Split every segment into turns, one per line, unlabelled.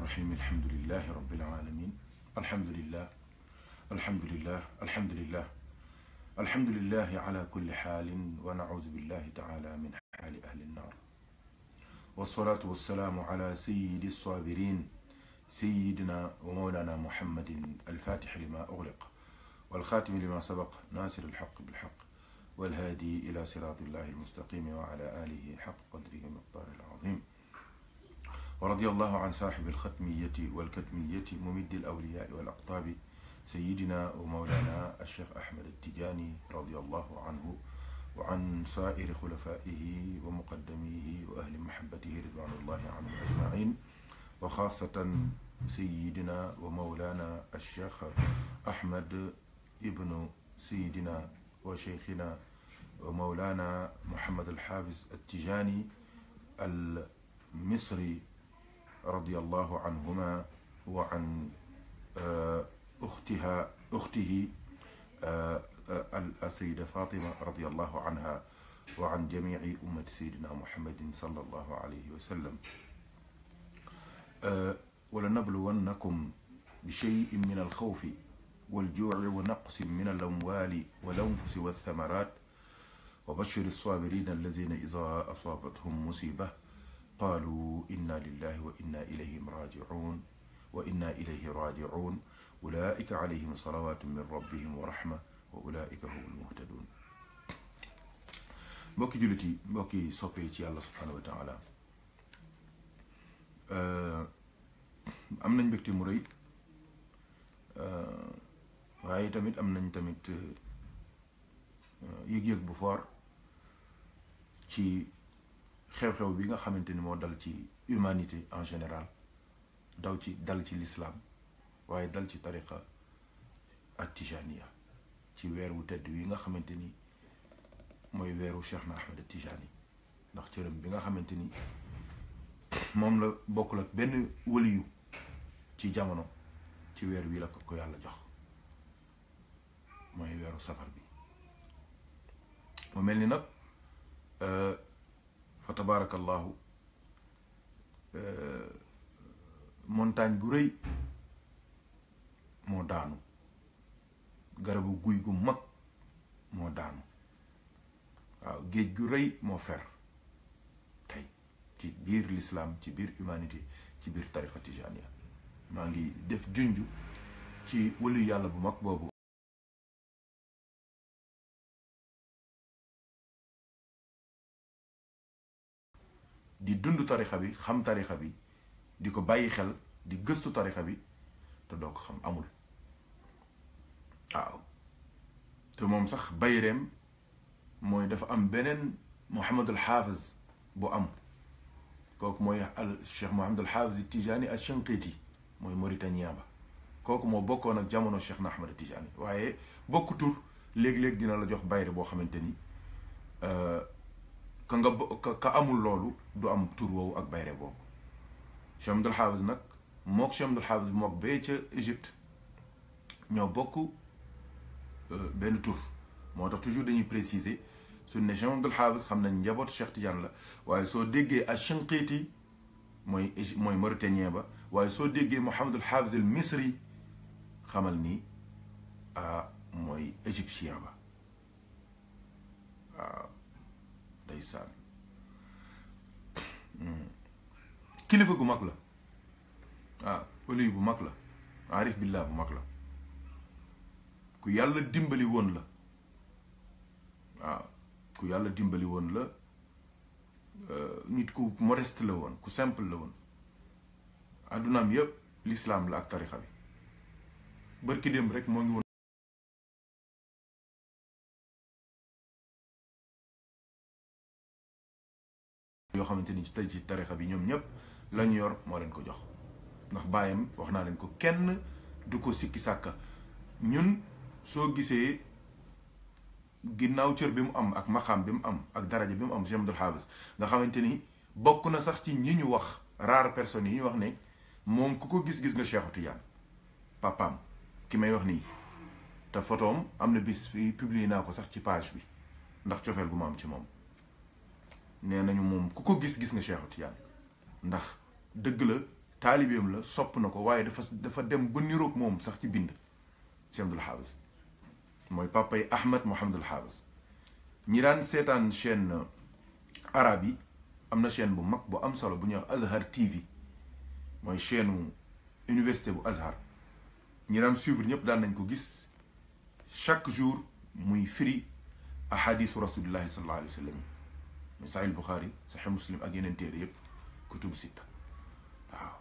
الرحيم الحمد لله رب العالمين الحمد لله الحمد لله الحمد لله الحمد لله على كل حال ونعوذ بالله تعالى من حال أهل النار والصلاة والسلام على سيد الصابرين سيدنا ومولانا محمد الفاتح لما أغلق والخاتم لما سبق ناصر الحق بالحق والهادي إلى صراط الله المستقيم وعلى آله حق قدره مقدار العظيم ورضي الله عن صاحب الختمية والكتمية ممد الأولياء والأقطاب سيدنا ومولانا الشيخ أحمد التجاني رضي الله عنه وعن سائر خلفائه ومقدميه وأهل محبته رضوان الله عنهم أجمعين وخاصة سيدنا ومولانا الشيخ أحمد ابن سيدنا وشيخنا ومولانا محمد الحافظ التجاني المصري رضي الله عنهما وعن آه، أختها أخته آه، آه، السيدة فاطمة رضي الله عنها وعن جميع أمة سيدنا محمد صلى الله عليه وسلم ولنبلونكم بشيء من الخوف والجوع ونقص من الأموال والأنفس والثمرات وبشر الصابرين الذين إذا أصابتهم مصيبة قالوا إنا لله وإنا إليه راجعون وإنا إليه راجعون أولئك عليهم صلوات من ربهم ورحمة وأولئك هم المهتدون بوكي جلتي بوكي صبيتي الله سبحانه وتعالى آه، أمنا بكتي مريد آه، غاية تمت أمنا تمت آه، يجيك بفار xew-xew bi nga xamanteni mo dal ci humanité en général daw ci dal ci l'islam waye dal ci tariqa ak tijaniya ci weer wu tedd wi nga xamanteni moy mooy weeru Cheikh na Ahmed Tijani ndax cërëm bi nga xamanteni mom la bokul ak ben waliyu ci jamono ci weer wi la ko yàlla jox mooy weeru safar bi mo melni nak nag fa tabaarakallaahu euh, montagne bu rëy moo daanu garabu guy gu mag moo daanu waaw géej gu rëy moo fer tey ci biir lislaam ci biir humanité ci biir tariqa tijaniya maa ngi def junj ci wëlu yàlla bu mag boobu di dund tarixa bi xam tarixa bi di ko bàyyi xel di gëstu tarixa bi te doo ko xam amul waaw te moom sax bayreem mooy dafa am beneen Mouhamadul Hafiz bu am kooku mooy al Cheikh Mouhamadul Hafiz Tijani ak Shanqiti mooy Mauritanien ba kooku moo bokkoon ak jamono Cheikh na Ahmad Tijani waaye bokk tur léeg-léeg dina la jox bayre boo xamante ni. Euh, ka nga ka amul loolu du am tur woowu ak bayre boobu Cheikh Ahmadul Hafiz nag mook Cheikh Ahmadul Hafiz mook bee ca Égypte ñoo bokk benn tur moo tax toujours dañuy préciser su ne Cheikh Ahmadul Hafiz xam nañ njabootu Cheikh Tidiane la waaye soo déggee ak Shinqiti mooy mooy mauritanien ba waaye soo déggee Mouhamadul Hafiz al Misri xamal ni ah mooy égyptien ba waaw ndeysaan hmm. kilifa gu mag la waaw ah, waliyu bu mag la arif billah bu mag la ku yàlla dimbali woon la waaw ah, ku yàlla dimbali woon la eh, nit ku modeste la woon ku semple la woon addunaam yëpp l'islam la ak tarixa bi bërki dem rek moo ngi woon xamante ni tey ci tarixa bi ñoom ñëpp la yor moo leen ko jox ndax bàyyam wax naa ko kenn du ko sikki sàkka ñun soo gisee ginnaaw cër bi mu am ak maxaam bi mu am ak daraja bi mu am Cheikh Abdoul nga xamante ni bokk na sax ci ñi wax rare personnes yi ñu wax ne vous ku gis-gis nga Cheikh Tidiane papaam ki may wax nii te am bis sax ci page bi ndax cofeel gu ma am ci nee nañu moom ku ko gis-gis nga Cheikhu Tidiane ndax dëgg la taalibeem la sopp na ko waaye dafa dafa dem ba niroog moom sax ci bind Cheikh Abdoul Habas mooy papay Ahmed Mouhamadul Habas ñi daan seetaan chaîne arabe yi am na chaîne bu mag bu am solo bu ñuy wax Azhar TV mooy chaîne université bu Azhar ñi daan suivre ñëpp daan nañ ko gis chaque jour muy firi ahadisu rasulillahi sallallahu alayhi wa sallam mais Sahih Bukhari Sahih Muslim ak yeneen yëpp kutub sitta waaw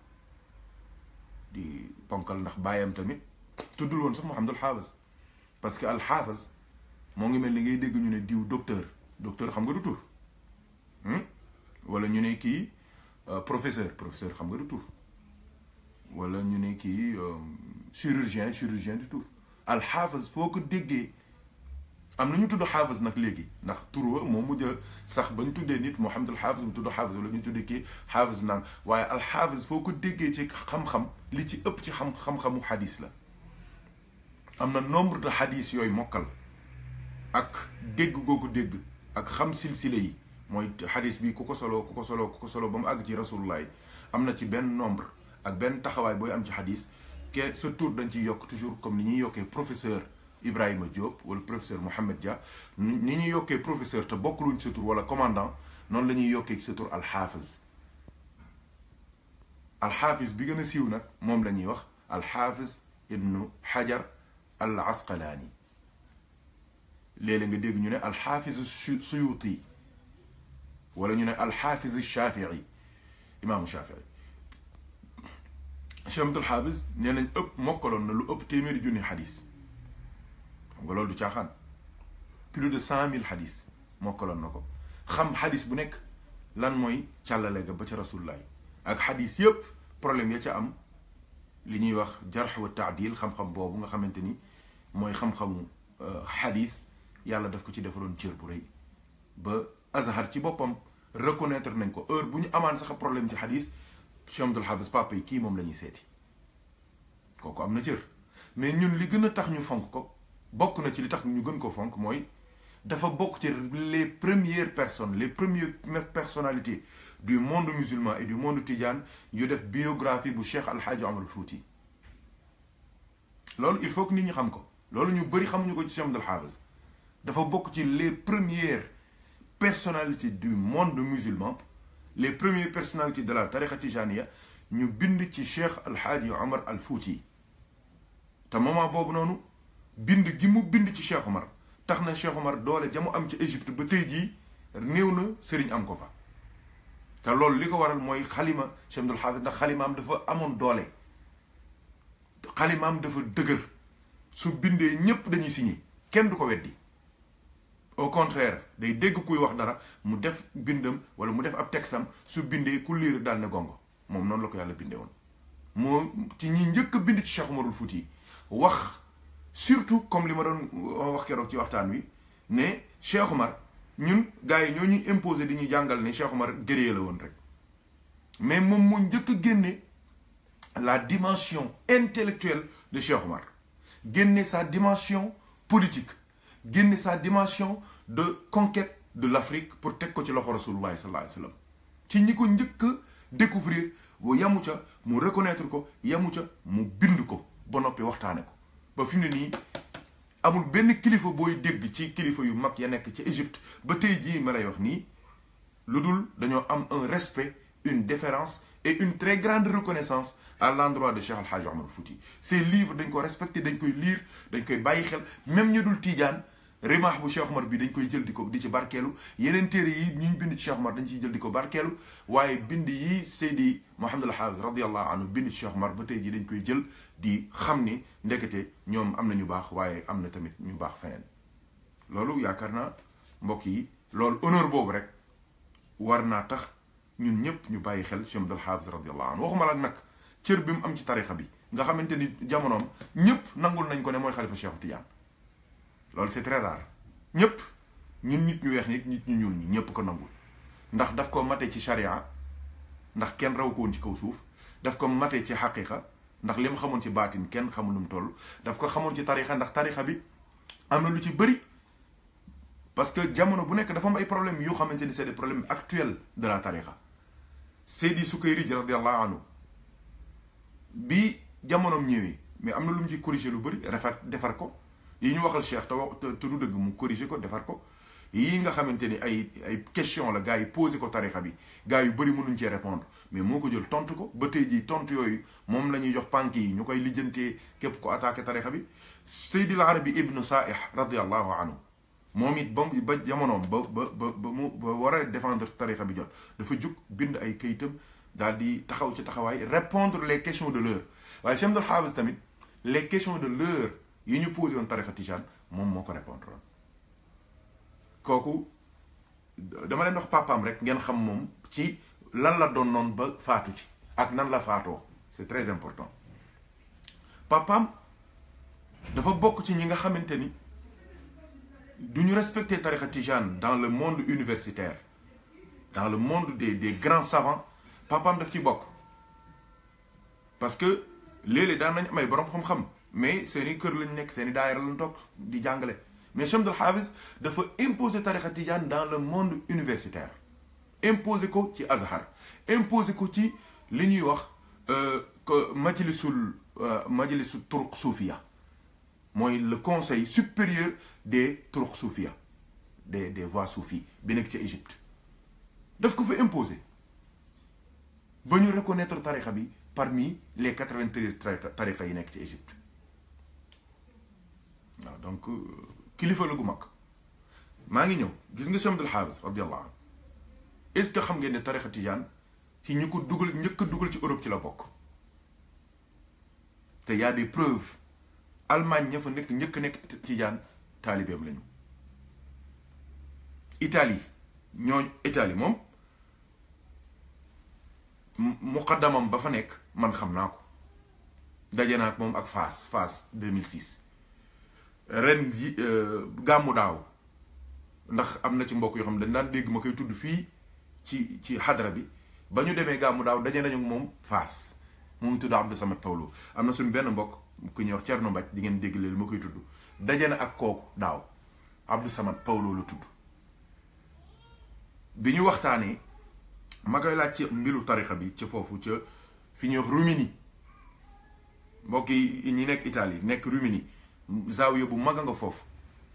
di ponkal nax bàyyam tamit tuddul woon sax Mouhamadul Haafaz parce que alxaafaz moo ngi mel ni ngay dégg ñu ne diw docteur docteur xam nga du tur hmm? wala ñu ne kii euh, professeur professeur xam nga du tur wala ñu ne kii euh, chirurgien chirurgien du tur alxaafaz foo ko déggee. am na ñu tudd xaafis nag léegi ndax tur wa moo mujj sax ba ñu tuddee nit Mouhamadul xaafis mu tudd xaafis wala ñu tuddee kii xaafis naan waaye alxaafis foo ko déggee ci xam-xam li ci ëpp ci xam xam-xamu xadis la am na nombre de xadis yooyu mokkal ak dégg goo dégg ak xam silsile yi mooy xadis bi ku ko soloo ku ko soloo ku ko solo ba mu àgg ci rasulullah yi am na ci benn nombre ak benn taxawaay booy am ci xadis ke sa tur dañ ciy yokk toujours comme ni ñuy yokkee professeur Ibrahima Diop wala professeur Mouhamed Dia ni ñuy yokkee professeur te bokkuluñ sa tur wala commandant noonu la ñuy yokkee sa tur alxaafis alxaafis bi gën a siiw nag moom la ñuy wax alxaafis ibnu xajar al asqalaani léeg-léeg nga dégg ñu ne alxaafis suyuti wala ñu ne alxaafis shafii imaamu shafii Cheikh Abdul Xaafis nee nañ ëpp mokkaloon na lu ëpp téeméeri junni xadis nga loolu du caaxaan plus de cent mille xadis moo koloon na ko xam xadis bu nekk lan mooy càllale ga ba ca rasulullah ak xadis yëpp problème ya ca am li ñuy wax jarx wa taadil xam-xam boobu nga xamante ni mooy xam-xamu xadis yàlla daf ko ci defaloon cër bu rëy ba azhar ci boppam reconnaître nañ ko heure bu ñu amaan sax problème ci xadis cheikh abdul hafiz papa yi kii moom la ñuy seeti kooku am na cër mais ñun li gën a tax ñu fonk ko bokk na ci li tax ñu gën ko fonk dafa ci les premières personnes les premières personnalités du monde musulman et du monde tidiane ñu def biographie bu Cheikh Al Amr al Fouti loolu il faut que nous ñi xam ko loolu ñu bëri xamuñu ko ci Cheikh Abdul Hafiz dafa bokk ci les premières personnalités du monde musulman les premières personnalités de la tariqa tijaniya ñu bind ci Cheikh Al Hadj Amr Al Fouti te moment boobu noonu. bind gi mu bind ci Cheikh tax na Cheikh Omar doole ja mu am ci Égypte ba tey jii néew na sëriñ am ko fa te loolu li ko waral mooy xalima Cheikh Abdul Xaafis ndax xalimaam dafa amoon doole xalimaam dafa dëgër su bindee ñépp dañuy signé kenn du ko weddi au contraire day dégg kuy wax dara mu def bindam wala mu def ab texam su bindee ku liir daal ne gongo moom noonu la ko yàlla bindee woon moo ci ñi njëkk bind ci Cheikh Umarul Fuuti wax surtout comme li ma doon euh, wax kéro ci waxtan wi ne Cheikh Omar ñun gaay yi ñoo ñuy imposer di ñu jangal ne Cheikh Omar guerrier la won rek mais moom moo njëkk a la dimension intellectuelle de Cheikh Omar génne sa dimension politique génne sa dimension de conquête de l'Afrique pour tek ko ci loxo Rasulullah sallallahu alayhi wasallam ci ñi ko njëkk a découvrir yamu ca mu reconnaître ko yamu ca mu bind ko ba noppi waxtaane ba amul ben kilifa boy deg ci kilifa yu mak ya nek ci Égypte ba tay ji ma lay wax ni ludul am un respect une déférence et une très grande reconnaissance à l'endroit de Cheikh Al Hadj Omar Fouti. ces livres dañ ko respecté dañ koy lire dañ koy bayyi xel même ñu dul tidiane rimaax bu Cheikh Omar bi dañ koy jël diko di ci barkelu yeneen téré yi ñu bind ci Cheikh Omar dañ ci jël diko barkelu barkeelu waaye bind yi Seydi al hafid radiyallahu anhu bind ci Cheikh Omar ba tey ji dañ koy jël di xam ni ndekete ñoom am na ñu baax waaye am na tamit ñu baax feneen loolu yaakaar naa mbokk yi loolu honneur boobu rek war naa tax ñun ñëpp ñu bàyyi xel Cheikh Omar al hafid radiyallahu anhu waxuma la nag cër bi mu am ci tarixa bi nga xamante ni jamonoom ñëpp nangul nañ ko ne mooy xalifa Cheikh Tidiane loolu c'est très rare ñëpp ñun nit ñu weex nit nit ñu ñuul ñi ñëpp ko nangul ndax daf ko mate ci charia ndax kenn raw ko woon ci kaw suuf daf ko mate ci xaqiqa ndax li mu xamoon ci baatin kenn xamul nu mu daf ko xamoon ci tarixa ndax tarixa bi am na lu ci bëri parce que jamono bu nekk dafa am ay problèmes yoo xamante ni c'est des problèmes actuels de la su Seydi Sukayri radiyallahu anu bi jamonoom ñëwee mais am na lu mu ci corrigé lu bëri rafet defar ko yi ñu waxal cheikh te wax te du dëgg mu corriger ko defar ko yii nga xamante ni ay ay question la gars yi posé ko tarixa bi gars yu bëri mënuñ cee répondre mais moo ko jël tontu ko ba tey jii tontu yooyu moom la ñuy jox pànk yi ñu koy lijjantee képp ko attaqué tarixa bi Seydil Arabi ibnu Saih radiallahu anhu moom it ba ba ba ba ba ba défendre tarixa bi jot dafa jug bind ay kayitam daal taxaw ci taxawaay répondre les questions de l'heure waaye Cheikh Abdul Hafiz tamit les questions de l'heure yi ñu posé woon tarixa tijaan moom moo ko répondre woon kooku dama leen wax papaam rek ngeen xam moom ci lan la doon noonu ba faatu ci ak nan la faatoo c'est très important papaam dafa bokk ci ñi nga xamante ni respecter tarixa tijaan dans le monde universitaire dans le monde des des grands savants papaam daf ci bokk parce que léeg-léeg daan nañ amay borom xam-xam mais c'est i que lañ nek c'est i daayira lañ tok di jàngale mais Cheikh Abdoul Hafiz imposer tariqa tidiane dans le monde universitaire imposer ko ci Azhar imposer ko ci li ñuy wax euh, majlisul euh, majlisul turq suufiya moy le conseil supérieur des turq sofia des des voies soufis bi nekk ci Égypte daf ko fa imposer ba ñu reconnaître tariqa bi parmi les 93 tarixa yi nek ci Égypte waaw donc euh, kilifa la gu mag maa ngi ñëw gis nga si Abdoul Hafiz radiyallahu anhu est-ce que xam ngeen ne tarixa tijaan ci ñu ko dugal njëkk a dugal ci Europe ci la bokk te y a des preuves ña fa nekk njëkk nekk tijaan taalibeem lañu Italie ñooñ Italie moom muqaddamam ba fa nekk man xam naa ko daje naa ak moom ak Faas Faas 2006 ren ji euh, gàmmu daaw ndax am na ci mbokk yoo xam ne dañ daan dégg ma koy tudd fii ci ci xadra bi ba ñu demee gàmmu daaw daje nañu moom faas mu ngi tudd Abdou Samad Pawlo am na suñ benn mbokk ku ñuy wax nu Mbaj di ngeen dégg leen ma koy tudd daje na ak kooku daaw Abdou Samad Pawlo lu tudd bi ñu waxtaanee ma koy laaj ci mbiru tarixa bi ca foofu ca fi ñuy wax Rumini mbokk yi ñi nekk Italie nekk Rumini zaawiya bu mag a nga foofu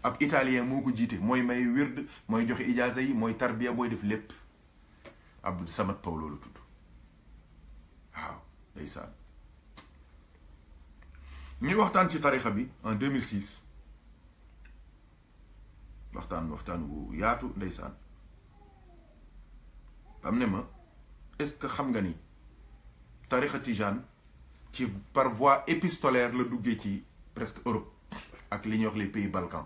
ab italien moo ko jiite mooy may wird mooy joxe ijaasa yi mooy tarbiya mooy def lépp Abdou Samad Paw loolu tudd waaw ndeysaan ñuy waxtaan ci tarixa bi en 2006 waxtaan waxtaan wu yaatu ndeysaan am ne ma est-ce que xam nga ni tarixa tijaan ci par voie épistolaire la duggee ci presque Europe ak les pays balkans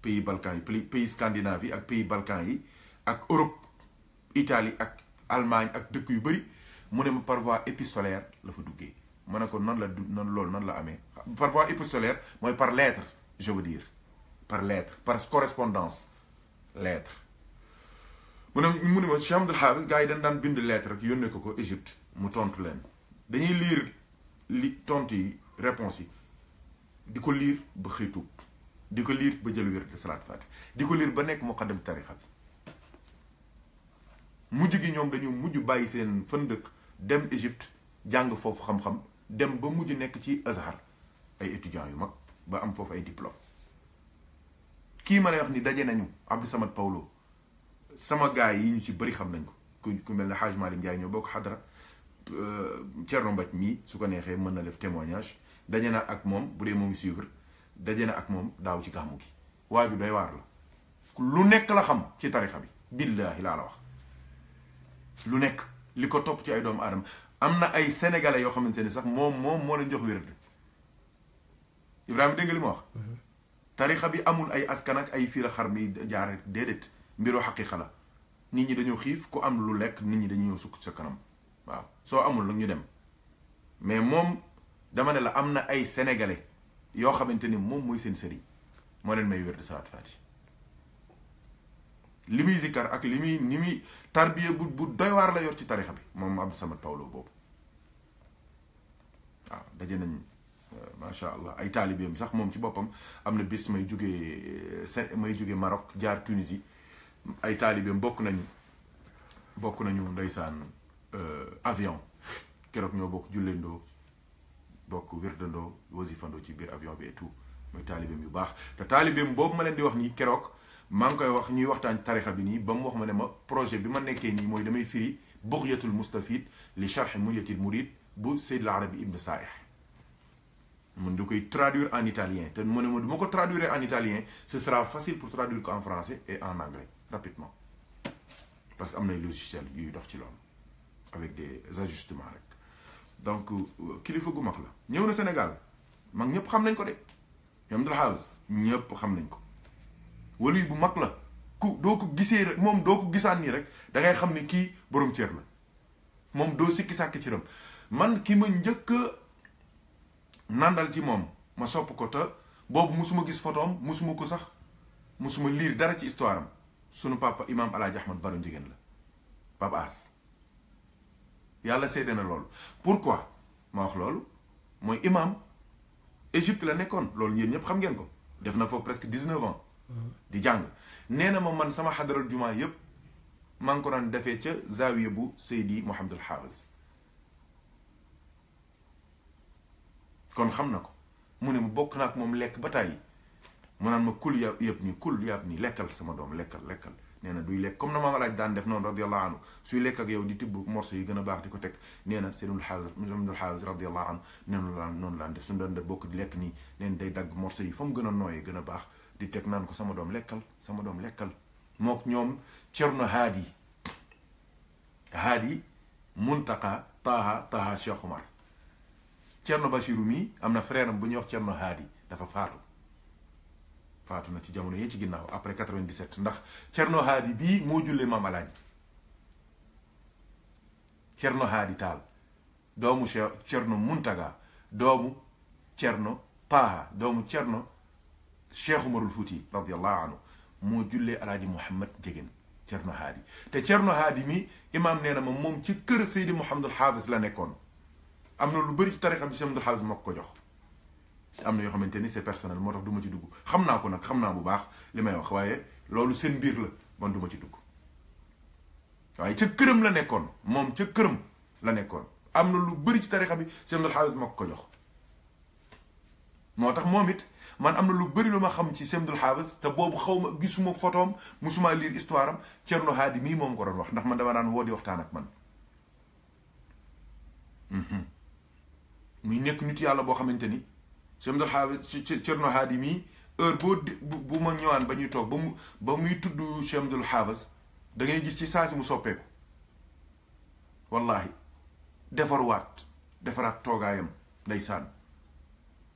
pays balkans yi pays scandinavie pays balkans yi ak Europe Italie Allemagne ak dëkk yu bëri par voie épistolaire la fa duggee ma ne ko la la par voie épistolaire mooy par lettre je veux dire par lettre par correspondance lettre mu ne mu ne lettre ko Égypte mu tontu dañuy lire réponse diko lire ba xëy diko lire ba jël wér di salaat faati di ko ba nek muqaddam tarikhat bi mujj gi ñom dañu mujj bàyyi seen fëndëk dem Égypte jàng fofu xam-xam dem ba mujj nek ci Azhar ay étudiant yu mag ba am fofu ay diplôme ki ma lay wax ni daje nañu Abdou Samad Paulo sama gaay yi ñu ci bari xam nañ ko ku melni mel ne Hadj ñoo bokk xadra Thierno Mbaj mi su ko nexé mëna def témoignage dajena ak mom bu dee ngi suivre dajena ak mom daw ci gamu gi waa doy war la lu nek la xam ci tarixa bi billahi la wax lu nek liko top ci ay doomu adam amna ay sénégalais yo xamanteni sax mom mom mo leen jox wërëd ibrahim dengali mo wax tarixa bi amul ay askan ak ay fiira xar mi jaar dedet mbiru haqiqa la nit ñi dañu xiif ku am lu lek nit ñi dañu ñëw sukk ci kanam waaw so amul nak ñu dem mais mom dama ne la am na ay sénégalais yoo xamante ni moom mooy seen sëriñ moo leen may wérdu salaat faati li muy zikkar ak li muy ni muy tarbiya bu bu doy waar la yor ci tarixa bi moom Abdou Samad Paolo boobu waaw daje nañ euh, macha allah ay taalibeem sax moom ci boppam am na bis may jóge euh, Sén may jógee Maroc jaar Tunisie ay taalibeem bokk nañu bokk nañu ndeysaan euh, avion keroog ñoo bokk julleendoo bokk wirdando wasifandoo ci bir avion bi et tout moy talibem yu bax ta talibem bobu ma len di wax ni kérok mang koy wax ñuy waxtaan tarixa bi ni bam wax ma ne ma projet bi ma nekkee ni moy damay firi buxyatul mustafid li sharh muriyatil murid bu Seydil Arabi Ibn sa'ih mun du koy traduire en italien te mu ne ma du ko traduire en italien ce sera facile pour traduire en français et en anglais rapidement parce que am nay logiciel yu dox ci lool avec des ajustements rek donc kilifa gu mag la ñëw na senegal mag ñëpp xam nañ ko de ñoom Abdul Aziz ñëpp xam nañ ko waluy bu mag la ku doo ko gisee rek moom doo ko gisaan nii rek da ngay xam ni kii borom cër la moom doo sikki sàkk cëram man ki ma njëkk nàndal ci moom ma sopp ko te boobu musuma gis photoom musuma ko sax musuma liir dara ci histoire am sunu papa imam alaaji ahmad baro njigéen la Pape yàlla seede na loolu pourquoi ma wax loolu mooy imam Égypte la nekkoon loolu yéen ñëpp xam ngeen ko def na foofu presque dix-neuf ans di jàng nee na ma man sama xadaral jumaa yëpp maa ngi ko daan defee ca zaawiya bu Seydi Mouhamadul Haafis kon xam na ko mu ne mu bokk naa ak moom lekk ba tàyyi mu naan ma kul yàpp yëpp nii kul yàpp nii lekkal sama doom lekkal lekkal nee na duy lekk comme na maam alaaj daan def noonu radiallahu anhu suy lekk ak yow di tibb morceau yi gën a baax di ko teg nee na seydul xaafis seydul xaafis radiallahu anhu noonu la noonu laan def suñu doon de bokk di lekk nii neen day dagg morceau yi fa mu gën a nooyee gën a baax di teg naan ko sama doom lekkal sama doom lekkal mook ñoom cerno haadi haadi muntaqa taha taha cheikh omar cerno bachiru mii am na frère am bu ñuy wax cerno haadi dafa faatu faatu ci jamono ye ci ginnaaw après 97 ndax Cerno hadi bi mo julle Maam Alaaji Cerno hadi tal doomu Cerno Muntaga doomu Cerno paha doomu Cerno Cheikh Umarul Fuuti radiallahu anhu mo julle Alaaji Muhammad Njegen Cerno hadi te Cerno hadi mi imam nee mom ci keur ci kër Seydi hafiz la nekkon amna lu beuri ci tarixa bi Seydi Mouhamadul Xaafis moo ko jox am na yoo xamante ni c'est personnel moo tax du ma ci dugg xam naa ko nag xam naa bu baax li may wax waaye loolu seen mbir la man du ma ci dugg waaye ca këram la nekkoon moom ca këram la nekkoon am na lu bëri ci tarixa bi seen dal xaabis ma ko jox moo tax moom it man am na lu bëri lu ma xam ci Semdul Haafis te boobu xaw ma gisuma photoom musuma lire histoire am Cerno Hadi mii moom ko doon wax ndax man dama daan woo di waxtaan ak man muy nekk nit yàlla boo xamante ni sëñ Abdul Xaafid Cerno Haadi mii heure boo bu ma ñëwaan ba ñuy toog ba mu ba muy tudd sëñ Abdul Xaafid da ngay gis ci saa si mu soppeeku wallaahi defaruwaat defaraat toogaayam ndeysaan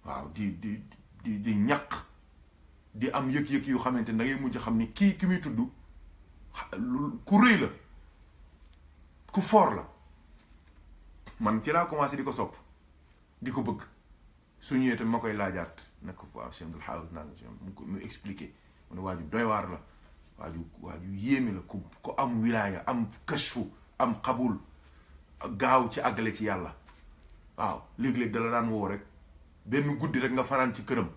waaw di di di ñaq di am yëg-yëg yu xamante ne da ngay mujj xam ni kii ki muy tudd ku rëy la ku foor la man ci laa commencé di ko sopp di ko bëgg. su ñëwee tam ma koy laajaat ne ko waaw sëñ Abdul Haafis naa nga mu mu expliqué mu ne waa ju waar la waa ju waa ju yéeme la ku ku am wilaaya am kashfu am xabul gaaw ci àggale ci yàlla waaw léeg-léeg dala daan woo rek benn guddi rek nga fanaan ci këram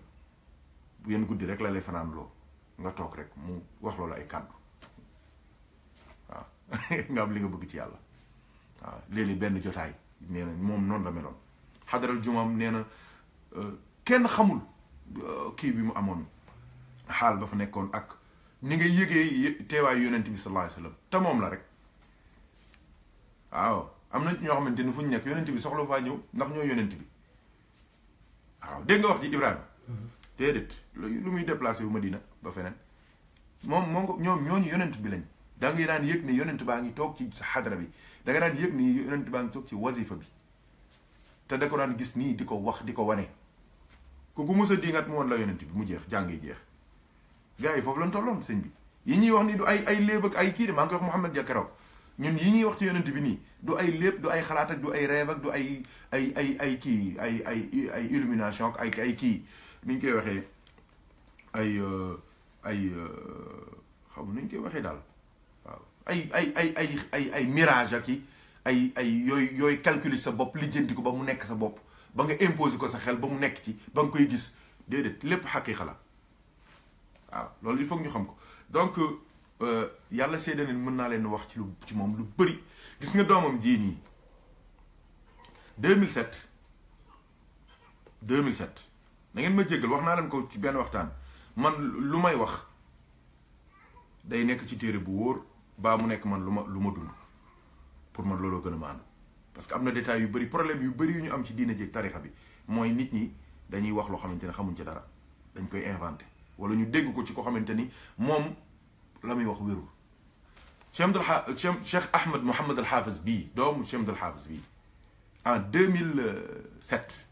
bu yenn guddi rek la lay fanaan loo nga toog rek mu wax loolu ay kàddu waaw nga am li nga bëgg ci yàlla waaw léeg benn jotaay nee na moom noonu la meloon xadaral jumaam nee kenn xamul kii bi mu amoon xaal ba fa nekkoon ak ni nga yëgee teewaayu yonent bi sallallahu alayhi wasallam te moom la rek waaw am na ñoo xamante ni fu ñu nekk yonent bi soxla faa ñëw ndax ñoo yonent bi waaw dégg nga wax ji Ibrahima déedéet lu muy déplacé wu Madina ba feneen moom moom ko ñoom ñooñu yonent bi lañ da ngay daan yëg ne yonent baa ngi toog ci xadra bi da nga daan yëg ni yonent baa ngi toog ci wasifa bi te da ko daan gis nii di ko wax di ko wane ku ku mos a dingat mu woon la yonent bi mu jeex jàng yi jeex gars yi foofu lañ tolloon sëñ bi yi ñuy wax ni du ay ay léeb ak ay kii de maa ngi koy wax ñun yi ñuy wax ci yonent bi nii du ay léeb du ay xalaat ak du ay rêve ay ay ay ay kii ay ay ay illumination ay ay kii ni koy waxee ay euh, ay euh, xamu nu ñu koy waxee daal waaw ay ay ay ay ay ay ak i ay ay yooyu yooyu calculer sa bopp lijjanti ko ba mu nekk sa bopp ba nga imposer ko sa xel ba mu nekk ci ba nga koy gis déedéet lépp xaqiqa la waaw loolu il faut ñu xam ko donc yàlla seede ne mën naa leen wax ci lu ci moom lu bëri gis nga doomam jii nii 2007 2007 da ngeen ma jéggal wax naa leen ko ci benn waxtaan man lu may wax day nekk ci téere bu wóor baa mu nekk man lu ma lu ma dund pour man looloo gën a ma parce que am na détails yu bëri problème yu bëri yu ñu am ci diine jéeg tarixa bi mooy nit ñi dañuy wax xamuñ ci dara dañ inventé wala ñu dégg ko ci ko xamante ni moom wax wérul cheikh Ahmed Mohamed Al Hafiz bii doomu cheikh al Hafiz en 2007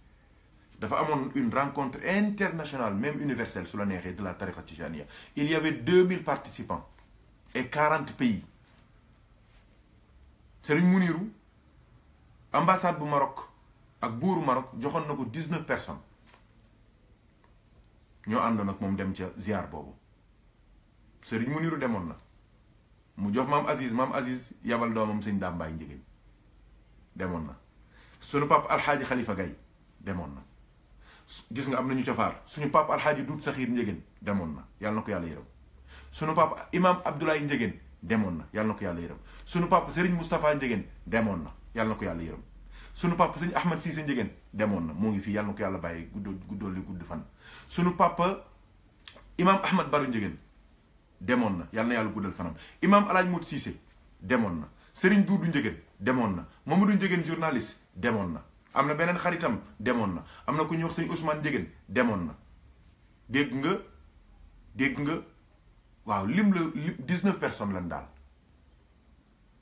dafa avait une rencontre internationale même universelle sur la de la tariqa tijaniya il y avait 2000 participants et 40 pays C'est Serigne Mounirou ambassade bu Maroc ak buuru Maroc joxoon na ko dix-neuf personnes ñoo àndoon ak moom dem ca ziar boobu Serigne Muniru demoon na mu jox maam Aziz maam Aziz yabal doomam sëñ Dàmbaay Njigéen demoon na sunu pap alxaaji Xalifa Gay demoon na gis nga am nañu ca faar suñu pap alxaaji Duut Saxiir Njigéen demoon na yàlla na ko yàlla yërëm sunu pap imam Abdoulaye Njigéen demon na yàlla na ko yàlla yërëm sunu pap Serigne Moustapha Njigéen demoon na yàlla na ko yàlla yërëm sunu papa sëñ Ahmed Cissé njegeen demoon na moo ngi fii yàlla na ko yàlla bàyyi guddoo guddoo li gudd fan sunu papa imam Ahmed baru Ndiéguène demoon na yàlla na yàlla guddal fanam imam alaaj Modou Cissé demoon na Serigne Doudou Ndiéguène demoon na moom Mamadou Ndiéguène journaliste demoon na am na beneen xaritam demoon na am na ku ñuy wax sëñ Ousmane Ndiéguène demoon na dégg nga dégg nga waaw lim la lim 19 personnes lan daal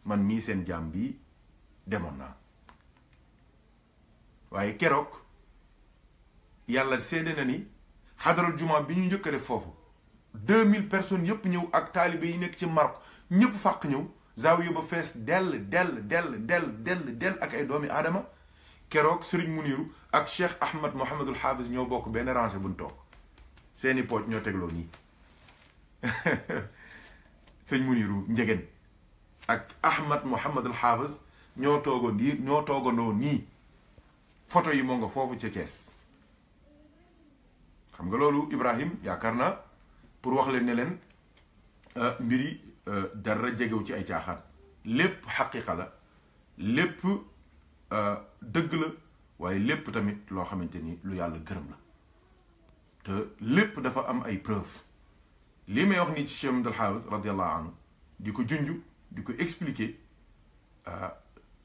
man mii seen jaam bii demon na waye kérok yàlla sédé na ni hadra juma bi ñu njëkk a def personnes yëpp ñëw ak talibé yi nekk ci Maroc ñëpp fàq ñëw zawiyu ba fess del del del del del del ak ay doomi adama kérok serigne Muniru ak Cheikh Ahmad al Hafiz ñoo bokk ben rangé buñ tok seeni pooj ñoo tegloo ni serigne Muniru njegen ak Ahmad al Hafiz ñoo toogoon nii ñoo toogandoo nii photo yi moo nga foofu ca Thiès xam nga loolu Ibrahim yaakaar naa pour wax leen ne leen euh, mbir yi euh, dara jegew ci ay caaxaan lépp xaqiqa la lépp euh, dëgg la waaye lépp tamit loo xamante ni lu yàlla gërëm la te lépp dafa am ay preuve lii may wax nii ci Cheikh Abdul Haafis radiyallahu di ko junj di ko expliquer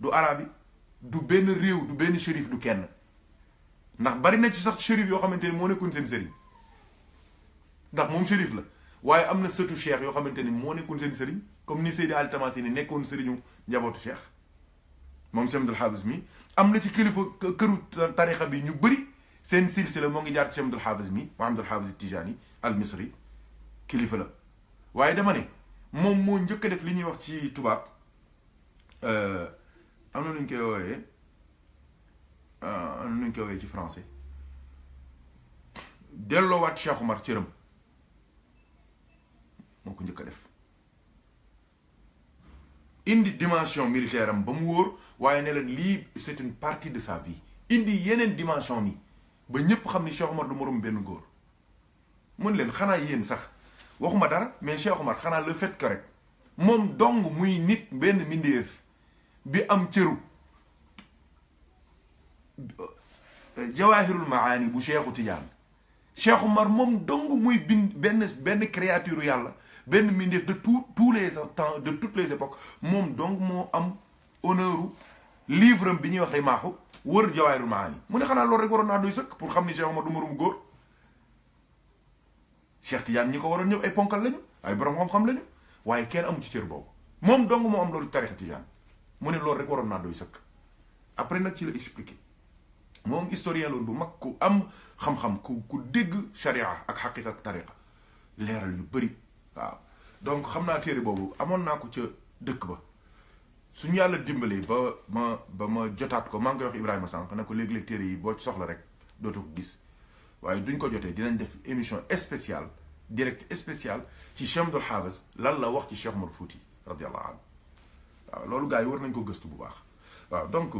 du arab du ben rew du ben shérif du kenn ndax bari na ci sax shérif yo xamanteni mo nekkun sen serigne ndax mom shérif la waye amna sëtu cheikh yo xamanteni mo nekkun sen serigne comme ni Seydi Ali Tamasini nekkon sëriñu njabootu cheikh mom Cheikh Abdoul Hafiz mi amna ci kilifa këru tarixa bi ñu bari sen silsila mo ngi jaar ci Cheikh Abdoul Hafiz mi Mahamadul Hafiz Tijani al Misri kilifa la waye dama ne mom mo ñëk def li ñuy wax ci tubaab am na nu koy wooyee ah, am na nu koy wooyee ci français delloowaat Cheikh Omar cëram moo ko njëkk a def indi dimension militaire am ba mu wóor waaye ne leen lii c'est une partie de sa vie indi yeneen dimension mi ba ñëpp xam ni Cheikh Omar du moroom benn góor mën leen xanaa yéen sax waxuma dara mais Cheikh Omar xanaa le fait rek moom dong muy nit benn mindeef bi am cëru jawahirul maani bu cheikhu Tidiane Cheikh Omar moom dong muy bind benn benn créature yàlla benn mbindeef de tout tous les temps de toutes les époques moom donc moo am honneur livre bi ñuy wax day maaxu wër jawahirul maani mu ne xanaa loolu rek waroon naa doy sëkk pour xam ni Cheikh Omar du marum góor Cheikh Tidiane ñi ko waroon ñëw ay ponkal lañu ay borom xam-xam lañu waaye kenn amu ci cër boobu moom dong moo am loolu tarixa Tidiane mu ne loolu rek waroon naa doy sëkk après nag ci la expliqué moom historien loolu bu mag ku am xam-xam ku ku dégg sharia ak xaqiqa ak tariqa leeral yu bëri waaw donc xam naa téere boobu amoon naa ko ca dëkk ba suñu yàlla dimbalee ba ma ba ma jotaat ko maa ngi koy wax Ibrahima Sànq ne ko léegi-léeg téere yi boo soxla rek dootu ko gis waaye duñ ko jotee dinañ def émission spéciale direct spécial ci Cheikh Abdoul Haafez lan la wax ci Cheikh Omar Fouti waaw gaay war nañ ko geustu bu baax waaw donc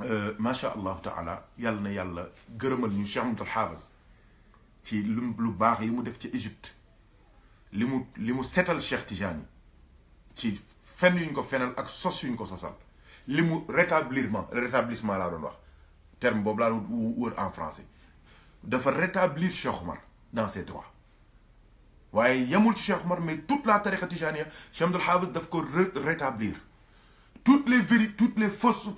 euh ma sha Allah taala yàlla na yàlla geureumal ñu Cheikh Mouhamadoul Hafiz ci lu lu baax limu def ci Égypte limu limu setal Cheikh Tijani ci fenn yuñ ko fenal ak sos yuñ ko sosal limu rétablissement rétablissement la doon wax terme bobu la doon wër en français dafa rétablir Cheikh Omar dans ses droits waaye yemul ci Cheikh Omar mais toute la tariqa tijaniya Cheikh Abdul Hafiz daf ko rétablir toutes les vérités toutes les fausses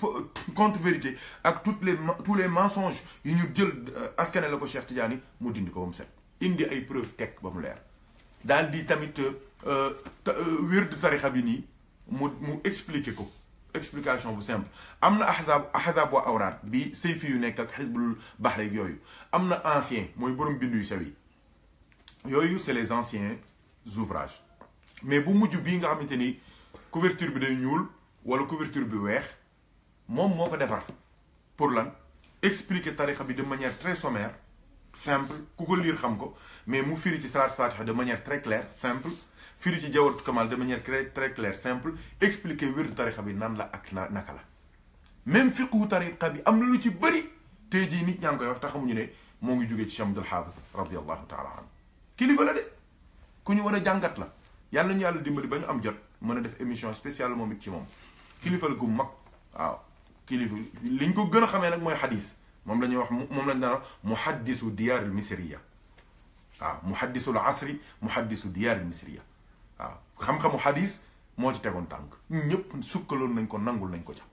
contre-vérités ak toutes les tous les mensonges yu ñu jël askane la ko Cheikh Tidiane mu dindi ko ba mu set indi ay preuve teg ba mu leer daal di tamit wér du tarixa bi nii mu mu expliquer ko explication bu simple am na ahzab ahzab wa awraat bi sayfi yu nekk ak xisbul bahreeg yooyu am na ancien mooy borom bindu yu sew yi yoyu c'est les anciens ouvrages mais bu muju bi nga xamante ni couverture bi day ñuul wala couverture bi weex mom moko défar pour lan expliquer bi de manière très sommaire simple ku ko liir xam ko mais mu firi ci salaat fatiha de manière très claire simple firi ci jawat kamal de manière très très claire simple expliquer wir tarixa bi nan la ak naka la même fiqhu tariqa bi am lu ci bëri tey jii nit ñaa koy wax te ñu ne mo ngi jógee ci Cheikh Hafiz radiallahu taala anhu kilifa la de ku ñu war a jàngat la yàlla ñu yàlla dimbali ba am jot mën def émission spéciale moom ci moom kilifa la gu mag waaw kilifa liñ ko gën a xamee nag mooy xadis moom wax moom lañ muhaddisu diyaar al misriya waaw muhaddisul asri muhaddisu diyaar al misriya waaw xam-xamu hadis moo ci tegoon tànk ñëpp sukkaloon nañ ko nangul nañ ko ca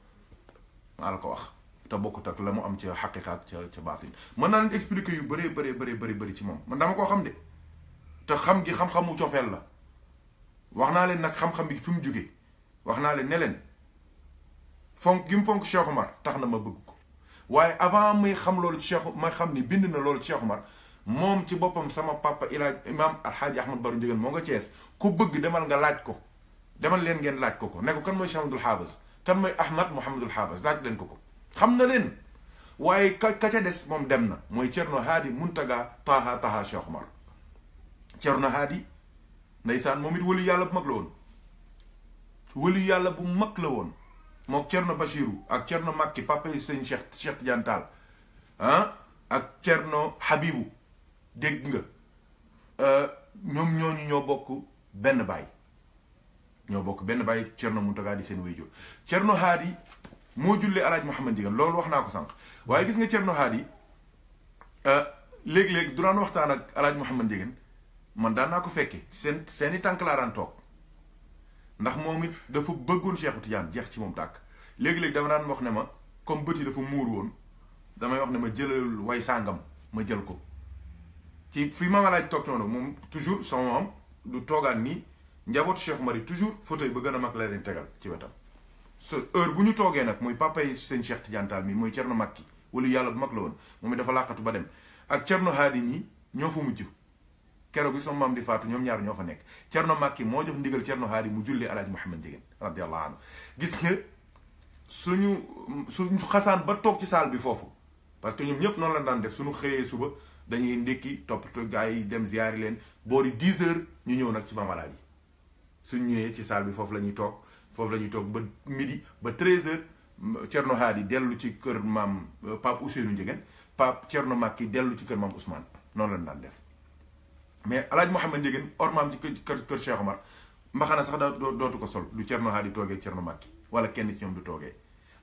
maa ko wax te bokkut ak la mu am ca xaqiqa ak ca ca baatin mën expliquer yu bëree bëree bëree bëri ci moom man dama koo xam de te xam gi xam-xamu ciofel la waxna len nak xam-xam bi fimu jóge waxna len ne len fonk gi fonk Cheikh Omar taxna ma bëgg ko waye avant muy xam loolu ci Cheikh ma xam ni bind na loolu ci Cheikh Omar mom ci bopam sama papa ila imam alhaji ahmad baru njëgéen mo nga Cees ku bëgg demal nga laaj ko demal len ngeen laaj ko ko ne ko kan moy Cheikh Ahmadul Xaabas kan mooy ahmad al habas laaj len ko ko xam na len waye ka ca dess mom dem na mooy Cerno Muntaga Taha Taha Cheikh Omar Cerna Hadi ndaysan momit wali yalla bu mag la won wali yalla bu mag la won mok cerna bashiru ak cerna Makki papa yi seigne Cheikh Cheikh Jantal ah ak Cerno Habibu deg nga euh, ñoom boku ñoo bokku ben bay ñoo bokku ben bay Cerno Muntaga di seen wayjur Cerno Hadi mo jullee alaaj mohammed Diegane lolou wax naa ko sànq gis nga Cerno Hadi euh, léegi leg du waxtan ak mohammed man daan naa ko fekke seen seeni tànk laa daan toog ndax moom it dafa bëggoon Cheikhu Tidiane jeex ci moom tàkk léegi léeg dama daan wax ne ma comme bëti dafa muur woon damay wax ne ma jëlal way sàngam ma jël ko ci fi ma laaj toog noonu moom toujours sama maam du toogaan nii njabootu Cheikh Mari toujours fauteuil ba gën a mag la leen tegal ci wetam so bu ñu toogee nag mooy papa seen Cheikh Tidiane Tall mi mooy Cerno Makki wala yàlla bu mag la woon moom it dafa làqatu ba dem ak Cerno Haadi ñi ñoo fa mujj kéro bi sama mam di faatu ñom ñaar ñofa nek nekk cerno makki mo jox ndigal cerno haari mu julli alaaj muhammad jigéen radiallahu anhu gis nga suñu suñu xasaan ba tok ci salle bi fofu parce que ñom ñep non la daan def suñu xëyee suba dañuy ndékki toppatoo gars yi dem ziaré len boori 10 heures ñu ñew nak ci mam alaaj suñu ñewé ci salle bi fofu lañuy tok fofu lañuy tok ba midi ba 13 heures cerno haari delu ci kër mam pap ousseynou njigéen pap cerno makki delu ci kër mam ousmane non la daan def mais alaaj Mouhamed Ndiéguène ormaam ci kër kër Cheikh Omar mbaxana sax dootu ko sol du Cerno Haadi toogee Cerno Màkki wala kenn ci ñoom du toogee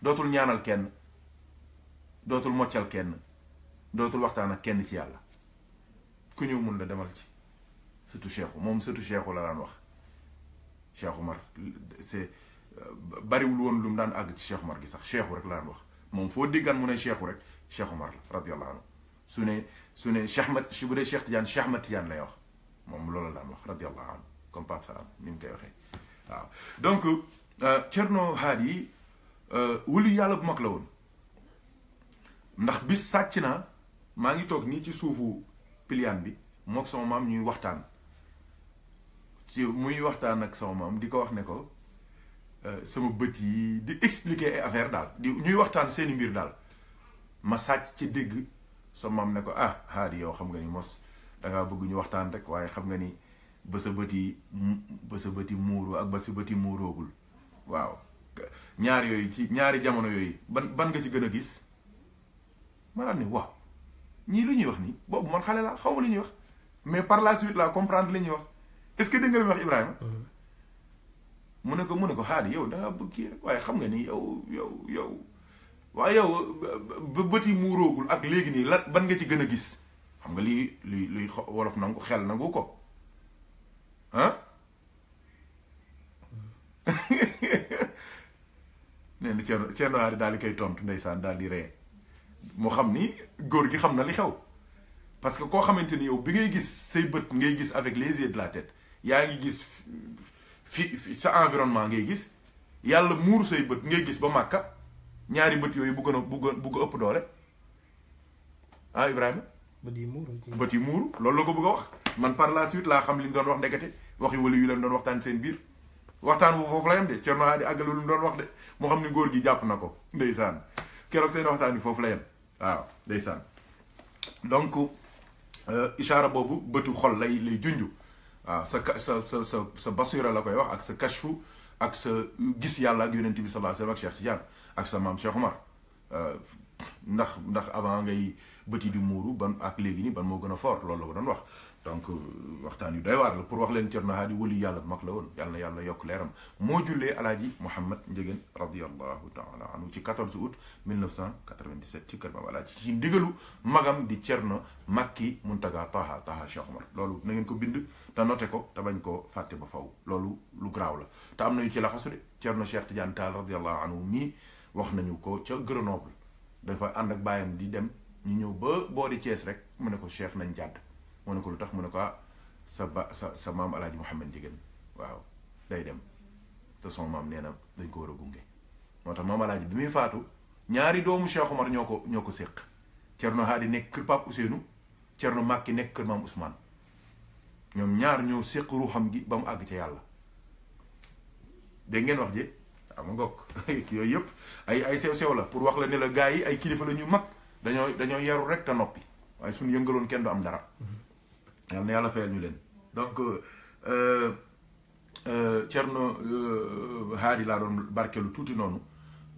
dootul ñaanal kenn dootul moccal kenn dootul waxtaan ak kenn ci yàlla ku ñëw mun la demal ci surtout Cheikhu moom surtout Cheikhu la daan wax Cheikh Omar c'est bariwul woon lu mu daan àgg ci Cheikh Omar gi sax Cheikhu rek la daan wax moom foo déggaan mu ne Cheikhu rek Cheikh Omar radiyallahu anhu su Cheikh Mat bu Cheikh Tidiane Cheikh wax loolu la comme Salam donc euh, Thierno Haadi euh, wuli yalla bu mag la ndax bis ngi ci pilian bi ñuy waxtaan ci muy waxtaan wax ne ko euh, sama di expliquer affaire di ñuy waxtaan mbir ma ci so mam ne ko ah haadi yow xam nga ni mos da nga bëgg ñu waxtaan rek waaye xam nga ni ba bëti muru bëti muuroo ak ba bëti muuroogul waaw ñaar yooyu ci ñaari jamono yooyu ban ban nga ci gën gis ma daan ne wa ñii lu ñuy wax ni boobu man xale la xaw li lu ñuy wax mais par la suite la comprendre li ñuy wax est ce que dégg nga wax Ibrahima. Mhm. mu ne ko mu ne ko haadi yow da nga bëgg rek waaye xam nga ni yow yow yow. waaye yow ba bët yi muuroogul ak léegi nii la ban nga ci gën a gis xam nga lii luy luy wolof nangu xel nangu ko ah neen na Thierno Thierno daal di koy tontu ndeysaan daal di ree moo xam ni góor gi xam na li xew parce que koo xamante ni yow bi ngay gis say bët ngay gis avec les yeux de la tête yaa ngi gis fi sa environnement ngay gis yàlla muur say bët ngay gis ba màkka ñaari bët yooyu bu gën a bu gën bu ko ëpp doole ah Ibrahima. bët yi muuru bët yi muuru loolu la ko bëgg a wax man par la suite laa xam li ñu doon wax ndekete waxi wala yu leen doon waxtaan seen biir waxtaan wu foofu la yem de Thierno Hadi àggale lu mu doon wax de moo xam ni góor gi jàpp na ko ndeysaan keroog seen waxtaan bi foofu la yem waaw ndeysaan donc euh, ishaara boobu bëtu xol lay lay junj waaw sa sa sa sa sa basira la koy wax ak sa kashfu ak sa gis yàlla ak yonent bi sallallahu alayhi wa sallam ak sa maam Cheikh Omar ndax ndax avant ngay beuti du mourou ban ak legui ni ban mo gëna fort loolu la doon wax donc waxtan yu doy war la pour wax len Cerno hadi wali yàlla mak la won yàlla na yàlla yokk leeram moo jullee alaaji Mouhamed Ndiéguène radiallahu taala anu ci 14 août 1997 ci kër maam alaaji ci ndigalu magam di Cerno Makki Muntaga Taha Taha Cheikh Omar loolu na ngeen ko bind ta noté ko ta bañ ko fàtte ba faw loolu lu graw la ta amna yu ci la xassu de Cerno Cheikh Tidiane Tall radiallahu anhu mi wax nañu ko ca grenoble dafa ànd ak bàyyam di dem ñu ñëw ba boori Thiès rek mu ne ko cheikh nañ jàdd mu ne ko lu tax mu ne ko ah, sa ba sa sa maam alaaji mouhamad njigéen waaw day dem te son maam nee na dañ ko war a gunge moo tax maam alaaji bi muy faatu ñaari doomu cheikh omar ñoo ko ñoo ko séq cerno haadi nekk kër pape ousseynou cerno màkki nekk kër maam ousmane ñoom ñaar ñoo séq ruuxam gi ba mu àgg ca yàlla dégg ngeen wax je xam nga bokk yooyu yëpp ay ay sew sew la pour wax la ne la gars yi ay kilifa la ñu mag dañoo dañoo yaru rek ta noppi waaye suñu yëngaloon kenn du am dara mhm. yàlla na yàlla fayal ñu leen donc Cerno euh, euh, Haari euh, laa doon barkelu tuuti noonu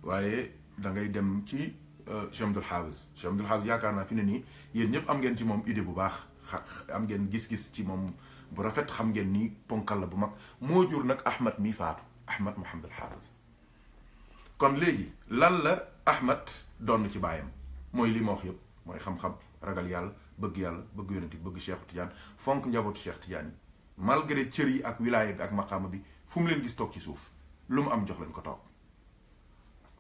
waaye da ngay dem ci Cheikh Abdoul Hafiz Cheikh Abdoul Hafiz yaakaar naa fi ne nii yéen ñëpp am ngeen ci moom idée bu baax am ngeen gis-gis ci moom bu rafet xam ngeen ni ponkal la bu mag moo jur nag Ahmad mi faatu Ahmad Mohamed Hafiz kon léegi lan la ahmad don ci baayam mooy li ma wax yëpp mooy xam-xam ragal yàlla bëgg yàlla bëgg yonent bëgg cheikhu tidiane fonk cheikh tidiane malgré yi ak wilaaya bi ak maqaama bi leen gis toog ci am jox leen ko toog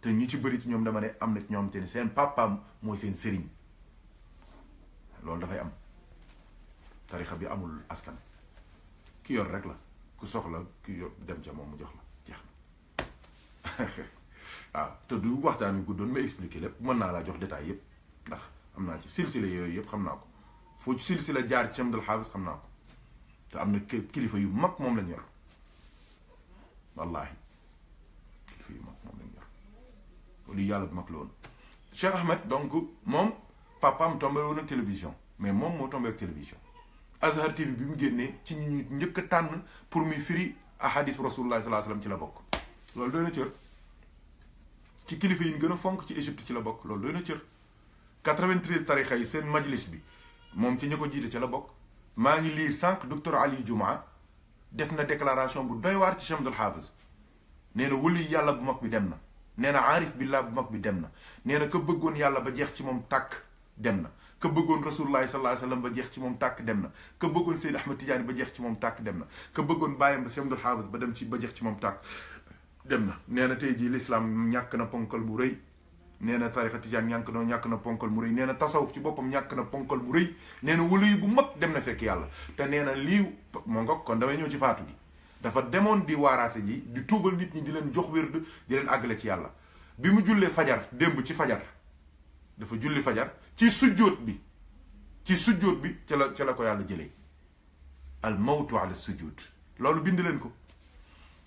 te ñi ci bëri ci ñoom dama ne am na ci ñoom te ni seen papaam mooy seen sëriñ am tarixa bi amul askan ki yor rek la ku soxla ki yor dem ca moom mu jox la jeex waaw te du waxtaan wi guddoon ma expliqué lépp mën naa laa jox détail yëpp ndax am naa ci silsila yooyu yëpp xam naa ko foo silsila jaar ci Cheikh Xaafis xam naa ko te am na kilifa yu mag moom lañ yor wallaahi kilifa yu mag moom lañ yor loolu yàlla bu mag la woon Cheikh Ahmed donc moom papaam tombé woon ak télévision mais moom moo tombé ak télévision Azhar TV bi mu génnee ci ñi ñu njëkk a tànn pour muy firi ahadis rasulullah sallallahu alayhi wa sallam ci la bokk loolu doy na cër. ci kilifa yi ñu gën a fonk ci Égypte ci la bokk loolu doy na cër 93 tarixa yi seen majlis bi moom ci ñi ko jiite ci la bokk maa ngi liir sànq docteur Ali Jumaa def na déclaration bu doy waar ci Chamdul Hafiz nee na wëli yàlla bu mag bi dem na nee na aarif billah bu mag bi dem na nee na ka bëggoon yàlla ba jeex ci moom tàkk dem na ka bëggoon rasulullahi sallallahu alayhi wasallam ba jeex ci moom tàkk dem na ka bëggoon Seyd Ahmad Tidiane ba jeex ci moom tàkk dem na ka bëggoon bàyyam ba Chamdul Hafiz ba dem ci ba jeex ci moom tàkk dem na nee na tey jii lislaam ñàkk na ponkal bu rëy nee na tarixa tijaan ñàkk na ñàkk na ponkal bu rëy nee tasawuf ci boppam ñàkk na ponkal bu rëy nee na wuluy bu mag dem na fekk yàlla te nee na lii moo kon damay ñëw ci faatu gi dafa demoon di waaraate ji di tuubal nit ñi di leen jox wérd di leen àggale ci yàlla bi mu julle fajar démb ci fajar dafa julli fajar ci sujjóot bi ci sujjóot bi ca la ca la ko yàlla jëlee al mawtu ala sujud loolu bind leen ko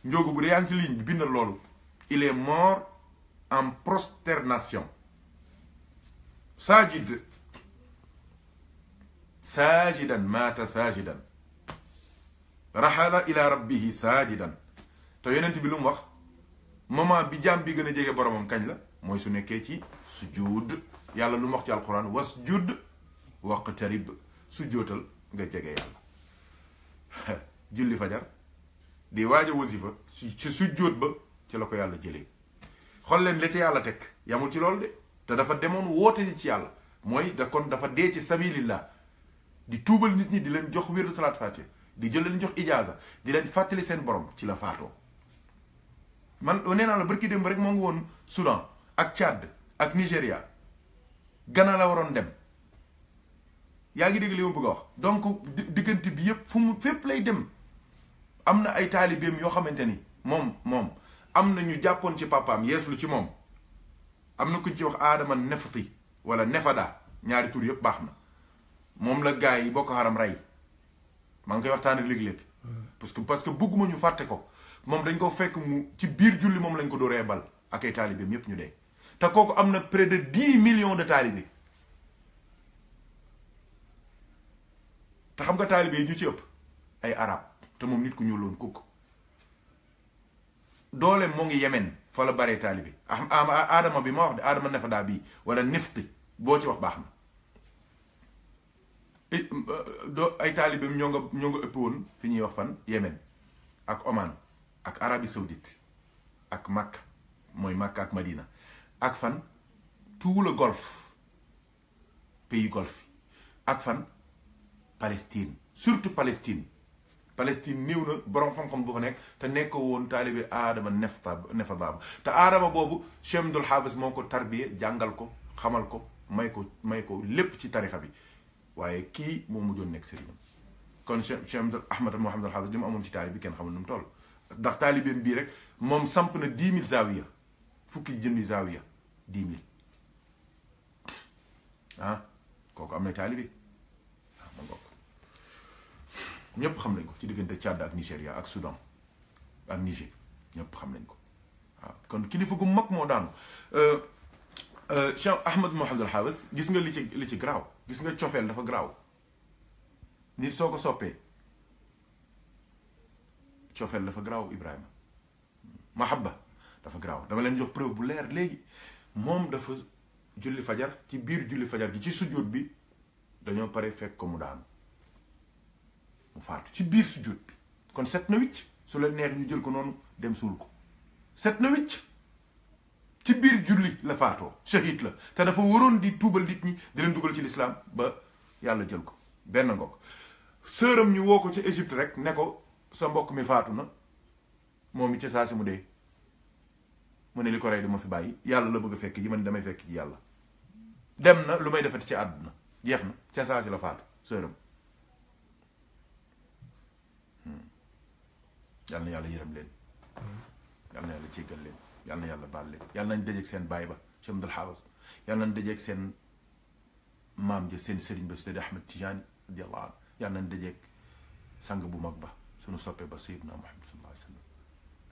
njóogu bu dee yaa ngi ci bindal loolu il est mort en prosternation sajid sajidan maata sajidan raxala ila rabbihi sajidan te yonent bi lu mu wax moment bi jaam bi gën a jege boromam kañ la mooy su nekkee ci sujud yàlla lu mu wax ci alquran wasjud waqtarib sujootal nga jege yàlla julli fajar di waaj a wasifa ci sujjóot ba ci la ko yàlla jëlee xool leen li ci yàlla teg yamul ci loolu de te dafa demoon woote ni ci yàlla mooy da kon dafa dee ci sabilillah di tuubal nit ñi di leen jox wérdu salaat fatiha di jël leen jox ijaaza di leen fàttali seen borom ci la faatoo man nee naa la barki démb rek moo ngi woon Soudan ak Tchad ak Nigéria Ghana la waroon dem yaa ngi dégg li ma bëgg a wax donc diggante bi yëpp fu mu fépp lay dem am na ay taalibeem yoo xamante ni moom moom am na ñu jàppoon ci papaam yeeslu ci moom am na ku ci wax aadama nefti wala nefada ñaari tur yëpp baax na moom la gars yi bokk xaram rey maa ngi koy waxtaan ak léeg-léeg parce que parce que bëgguma ñu fàtte ko moom dañ koo fekk mu ci biir julli moom lañ ko dooree reebal ak ay taalibeem yëpp ñu dee te kooku am na près de million millions de taalibe te xam nga taalibe yi ñu ci ëpp ay arab te moom nit ku ñuuloon kukk doole moo ngi yemen fa la baree taalibe ah aadama ah, ah, bi ma wax de aadama nefadaa bii wala nifti boo ci wax baax na eh, eh, doo ay taalibeem ñoo ñoo nga ëpp woon fi ñuy wax fan yemen ak Oman ak Arabie Saoudite ak Makka mooy Makka ak Madina ak fan tout le golfe pays golfe ak fan Palestine surtout Palestine Palestine niiw na borom xam-xam bu fa nekk te nekk woon taalibi aadama nefta nefadaaba te aadama boobu chemdul xaafis moo ko tarbiye jàngal ko xamal ko may ko may ko lépp ci tarixa bi waaye kii moo mujjoon nekk sëriñam kon dul ahmad mohamadul xaafis li mu amoon ci taalib bi kenn xamul nu mu toll ndax taalibeem bii rek moom samp na dix mille zaawiya fukki jëndi zaawiya dix mille ah kooku am na taalibi ñépp xam nañ ko ci diggante Tchad ak Nigéria ak Soudan ak Niger ñëpp xam nañ ko waaw kon kilifa gu mag moo daanu euh, euh, Cheikh Ahmed Mohamed El Haafez gis nga li ci li ci garaaw gis nga cofeel dafa graaw nit soo ko soppee cofeel dafa garaaw Ibrahima mahabba dafa graaw dama leen jox preuve bu leer léegi moom dafa julli fajar ci biir julli fajar gi ci sujjóot bi dañoo pare fekk ko mu daanu mu faatu ci biir su jóot bi kon set na wicc su la neex ñu jël ko noonu dem suul ko set na wicc ci biir julli la faatoo shahid la te dafa waroon di tuubal nit ñi di leen dugal ci lislaam ba yàlla jël ko benn ngoog sëram ñu woo ko ci Égypte rek ne ko sa mbokk mi faatu na moom it ca saa si mu dee mu ne li ko rey du ma fi bàyyi yàlla la bëgg a fekk ji man damay fekk ji yàlla dem na lu may defati ci àdduna jeex na ca saa si la faatu sëram يالنا يالا يرم لين يالنا يالا تيغال لين يالنا يالا بال لين يالنا ندجيك سين بايبا شي عبد الحافظ يالنا ندجيك سين مام جي سين سيرين بس دي احمد تيجاني رضي الله عنه يالنا ندجيك سانغ بو ماك با سونو سوبي با سيدنا محمد صلى الله عليه وسلم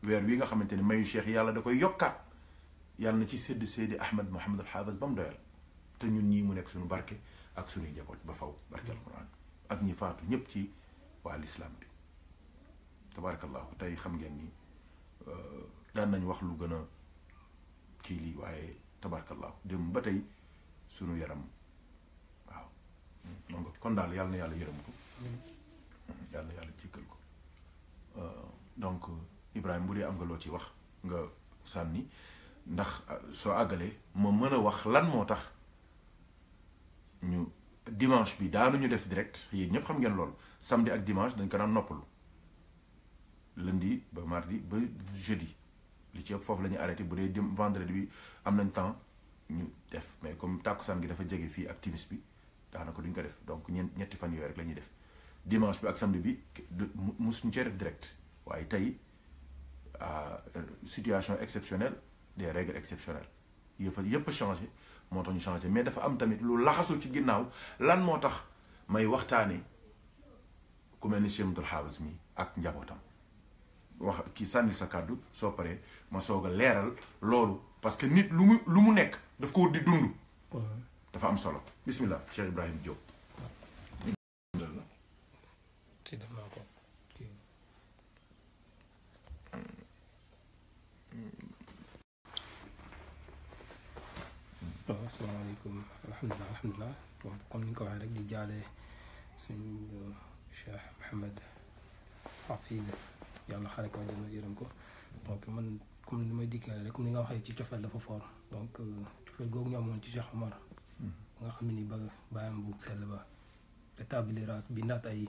وير ويغا خامتيني مايو شيخ يالا داكاي يوكات يالنا تي سيد سيد احمد محمد الحافظ بام دويال تا نيون ني مو نيك سونو باركي اك سونو القران اك فاتو نيب تي وا tabaarakallaahu tey xam ngeen ni euh, daan nañ wax lu gën a kii lii waaye tabaarakallaahu dem ba tey sunu yaram waaw donc kon daal yàlla na yàlla yërëm yàlla na yàlla ko euh, donc Ibrahima bu dee am nga loo ci wax nga sànni ndax euh, soo àggalee ma mën a wax lan moo tax ñu dimanche bi ñu def direct yéen ñëpp xam ngeen lool samedi ak dimanche dañ ko daan noppalu lundi ba mardi ba jeudi li ci ëpp lañu arrêté bu dee dem vendredi bi am nañ temps ñu def mais comme takusan gi dafa jégué fi ak timis bi daanaka duñ ko def donc ñeent ñetti fan yooyu rek la def dimanche bi ak samedi bi musuñ cee def direct waaye tey euh, situation exceptionnelle des règles exceptionnelles yëpp yëpp changer mo tax ñu changer mais dafa am tamit lu laxasu ci ginnaw lan motax may waxtaane ku melni ni Cheikh Abdoul Hafiz mi ak njabootam wax kii sànni sa kàddu soo ma soog a leeral loolu parce que nit lu lu mu nekk daf ko
wut
am solo bismillah Cheikh Ibrahim Diop.
waaw ah, asalaamaaleykum ni ko waxee rek di jaale suñu euh, Cheikh Mouhamed Hafiz. yàlla xaare ko àjjana yërëm ko donc man comme li may dikkee rek comme ni nga waxee ci cofeel dafa fort donc cofeel googu ñu amoon ci Cheikh Omar nga xam ne ni ba bàyyam bu sell ba rétablir ak bindaat ay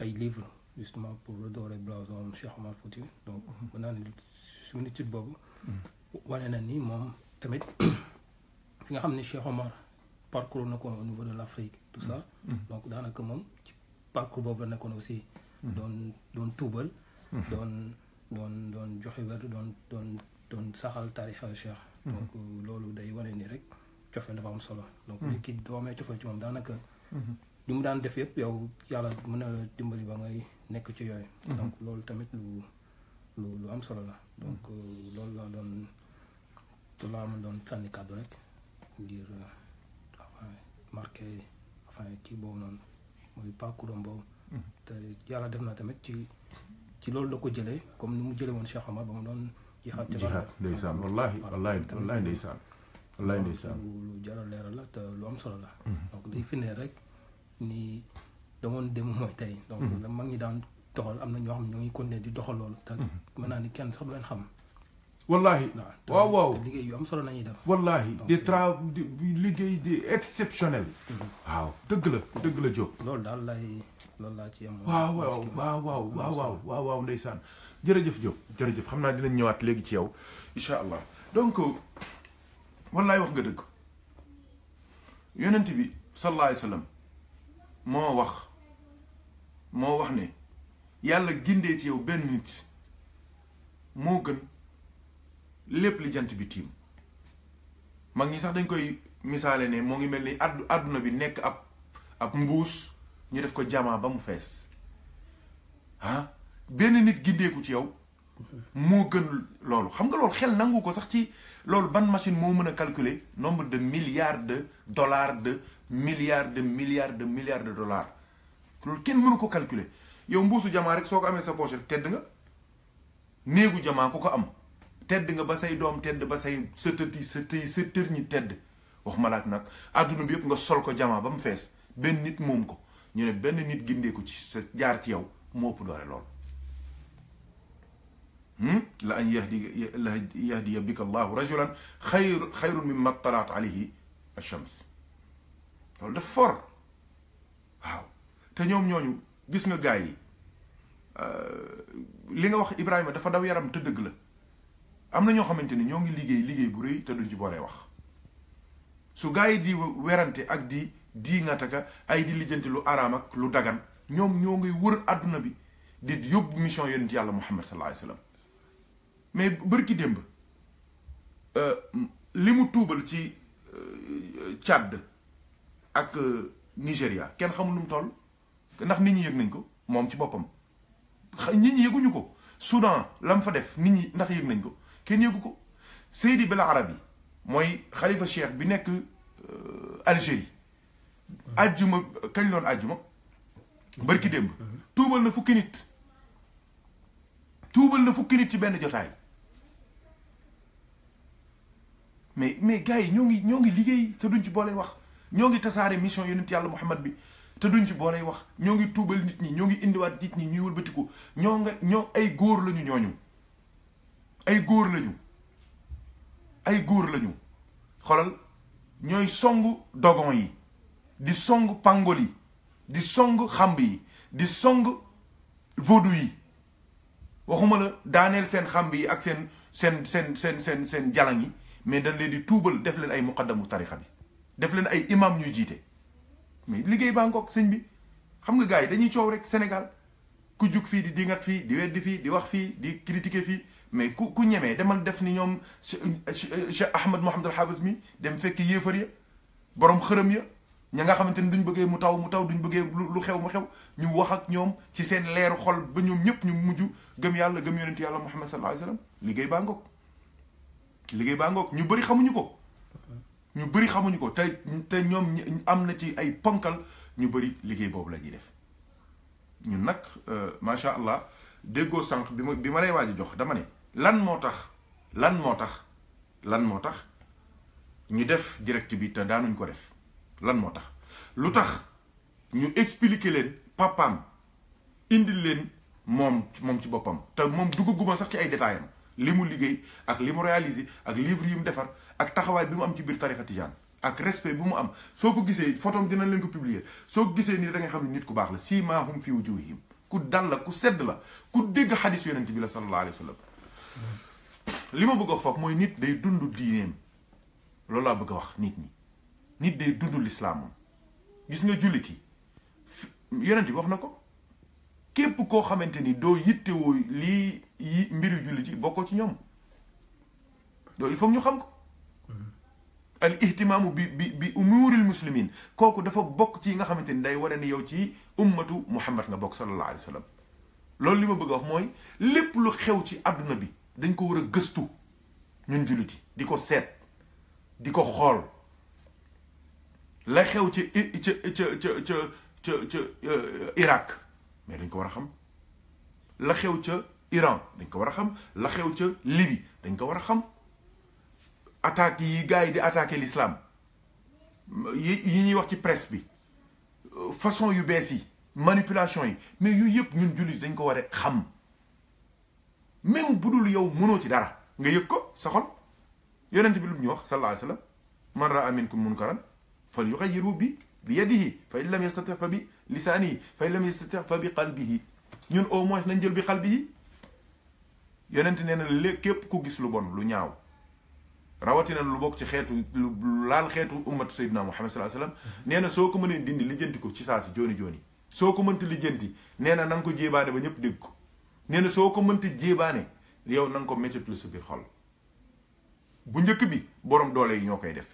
ay livres justement pour redorer blason Cheikh Omar Fouti donc mën naa ne suñu étude boobu wane na ni moom tamit fi nga xam ne Cheikh Omar parcours na ko au niveau de l'Afrique tout ça donc daanaka moom ci parcours boobu la nekkoon aussi doon doon tuubal Mhm. doon doon doon joxe wér doon doon doon saxal tarixa cheikh mhm. donc loolu day wane nii rek cofeel dafa am solo donc mhm. nit ki doo amee cofeel ci moom daanaka li mu daan def yëpp yow yàlla mën na dimbali ba ngay nekk ci yooyu donc loolu tamit lu lu am solo la donc loolu laa doon loolu laa doon sànni kàddu rek ngir euh, marqué enfin ci boobu noonu mooy parcours boobu te yàlla def na tamit ci ci loolu la ko jëlee comme ni mu jëlee woon Cheikh Omar ba mu doon jihaad jihaad ndeysaan wallaahi wallaahi wallaahi ndeysaan wallaahi ndeysaan lu jaral leeral la te lu am solo la mhm. donc day fi ne rek ni damoon dem mooy tey donc mhm. la mag ñi daan doxal am na ñoo xam ne ñoo ngi continuer di doxal loolu
te mhm. mën naa ni kenn sax du leen
xam wallahi waaw waaw liggéey yu am solo la ñuy def
wallahi des tra liggéey di exceptionnel waaw dëgg la dëgg la Diop loolu daal lay loolu laa ci am waaw waaw waaw waaw waaw waaw waaw waaw ndeysaan jërëjëf Diop jërëjëf xam naa dinañ ñëwaat léegi ci yow incha allah donc wallaay wax nga dëgg yonent bi sallallahu alayhi wa sallam moo wax moo wax ne yàlla gindee ci yow benn nit moo gën lépp li jant bi tiim mag ñi sax dañ koy misaale ne moo ngi mel ni addu àdduna bi nekk ab ab mbuus ñu def ko jamaa ba mu fees ah benn nit gindeeku ci yow moo gën loolu xam nga loolu xel nangu ko sax ci loolu ban machine moo mën a calculer nombre de milliards de dollars de milliards de milliards de milliards de dollars loolu kenn mënu ko calculer yow mbuusu jamaa rek soo ko amee sa poche rek tedd nga néegu jamaa ko ko am tedd nga ba say doom tedd ba say sëtëti sëtëy sëtër ñi tedd wax malaat nag àdduna bi yëpp nga sol ko jamaa ba mu fees benn nit moom ko ñu ne benn nit gindeeku ci sa jaar ci yow moo ëpp doole lool hmm? la an yahdi la yahdiya bika allahu rajulan xayru xayrun min ma talaat alayhi achams loolu daf for waaw te ñoom ñooñu gis nga gaay yi euh, li nga wax Ibrahima dafa daw yaram te dëgg la am na ñoo xamante ni ñoo ngi liggéey liggéey bu rëy te duñ ci boolee wax su gars yi di werante ak di di ngataka ay di lijjanti lu araam ak lu dagan ñoom ñoo ngi wër àdduna bi di yóbbu mission yonent yàlla muhammad sallallahu alayhi wasallam mais bërki démb euh, li mu tuubal ci euh, Tchad ak euh, Nigéria kenn xamul lu mu toll ndax nit ñi yëg nañ ko moom ci boppam nit ñi yëguñu ko Soudan la mu fa def nit ñi ndax yëg nañ ko كني يقولك سيدي بالعربي موي خليفة الشيخ بنك الجيري أجمع كلون أجمع بركي دم توبل نفكينت توبل نفكينت يبان جتاي مي مي جاي نيوغي نيوغي ليجي تدونج بولي وخ نيوغي تساري ميشن ينتي الله محمد بي تدونج بولي وخ نيوغي توبل نتني نيوغي اندوات نتني نيول بتكو نيوغي نيو اي غور لنيو نيو ay góor lañu ay góor lañu xolal ñooy songu dogon yi di songu pangol yi di songu xamb yi di song vodou yi waxuma la daaneel seen xamb yi ak seen seen seen seen seen seen jalan yi mais dañ leen di tuubal def leen ay muqaddamu tarixa bi def leen ay imaam ñuy jiite mais liggéey baa ngoog sëñ bi xam nga gars yi dañuy coow rek senegal ku jug fii di dingat fii di weddi fii di wax fii di critiquer fii mais ku ku ñemee demal def ni ñom Cheikh Ahmed Mohamed Al Hafiz mi dem fekk yéefar ya borom xërëm ya ña nga xamante duñ bëggee mu taw mu taw duñ bëggee lu xew mu xew ñu wax ak ñoom ci seen leeru xol ba ñoom ñëpp ñu mujj gëm yàlla gëm yonent yàlla Muhammad sallallahu alayhi wa liggéey baa ngoog liggéey baa ngoog ñu bëri xamuñu ko ñu bëri xamuñu ko te te ñoom am na ci ay ponkal ñu bëri liggéey boobu la ñuy def ñun nag macha allah déggoo sànq bi ma bi ma lay waaj jox dama ne. lan moo tax lan moo tax lan moo tax ñu def direct bi te daanuñ ko def lan moo tax lu tax ñu expliquer leen papaam indil leen moom moom ci boppam te moom duggaguma sax ci ay détails li mu liggéey ak li mu réalisé ak livre yi mu defar ak taxawaay bi mu am ci biir tarixa tijaan ak respect bi mu am soo ko gisee photom dinañ leen ko publier soo ko gisee nii da nga xam nit ku baax la simaahum fi wujuhihim ku dal la ku sedd la ku dégg xadis yonent bi la sallallahu alayhi wa sallam li ma bëgg a foog mooy nit day dund diineem loolu laa bëgg a wax nit ñi nit day dund lislaamam gis nga jullit yi yonent bi wax na ko képp koo xamante ni doo yittewoo lii mbiru jullit yi bokkoo ci ñoom loolu il faut ñu xam ko mm-hmm. al ihtimaamu bi bi bi umuuril muslimin kooku dafa bokk ci yi nga xamante ni day wane ni yow ci ummatu muhammad nga bokk sallallahu alayhi loolu li ma bëgg a wax mooy lépp lu xew ci àdduna bi dañ ko war a gëstu ñun jullit yi di ko seet di ko xool la xew ci ca ca ca ca ca euh, Irak mais dañ ko war a xam la xew ca Iran dañ ko war a xam la xew ca Libye dañ ko war a xam attaque yi gars yi di attaquer l'islam yi yi ñuy wax ci presse bi euh, façon yu bees yi manipulation yi mais yu yëpp ñun jullit dañ ko war a xam même bu dul yow mënoo ci dara nga yëg ko sa xol yonent bi lu ñu wax sallallahu alayhi wa sallam man raa minkum munkaran fal yuxayiru bi bi yadihi fa in lam yastati fa bi lisaanihi fa in lam yastati fa bi qalbihi ñun au moins nañ jël bi qalbihi yonent nee na lé képp ku gis lu bon lu ñaaw rawatina lu bokk ci xeetu lu laal xeetu ummatu sayyidina Muhammad sallallahu alayhi wa sallam mhm. nee na soo ko mënee dindi lijjanti ko ci saa si jooni jooni soo ko mënti lijjanti nee na na nga ko jéebaane ba ñëpp dégg ko nee soo ko mënti jéebaane yow nanga ko méttitul sa biir xol bu njëkk bi borom doole yi ñoo koy def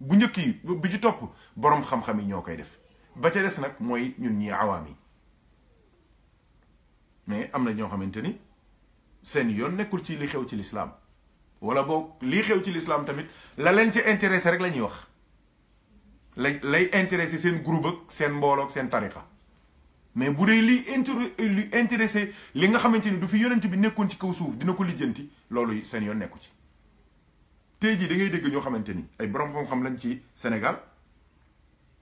bu njëkk yi bi ci topp borom xam-xam yi ñoo koy def ba ca des nag mooy ñun ñii awaam yi mais am na ñoo xamante ni seen yoon nekkul ci li xew ci lislaam wala boo lii xew ci lislaam tamit la leen ci intéressé rek la ñuy wax lay lay intéressé seen groupe ak seen mboolook seen tariqa mais bu li li intéressé li nga xamanteni du fi yonent bi nekkon ci kaw souf dina ko lijjanti lolou sen yon nekku ci da ngay dégg ño xamanteni ay borom xam lañ ci Sénégal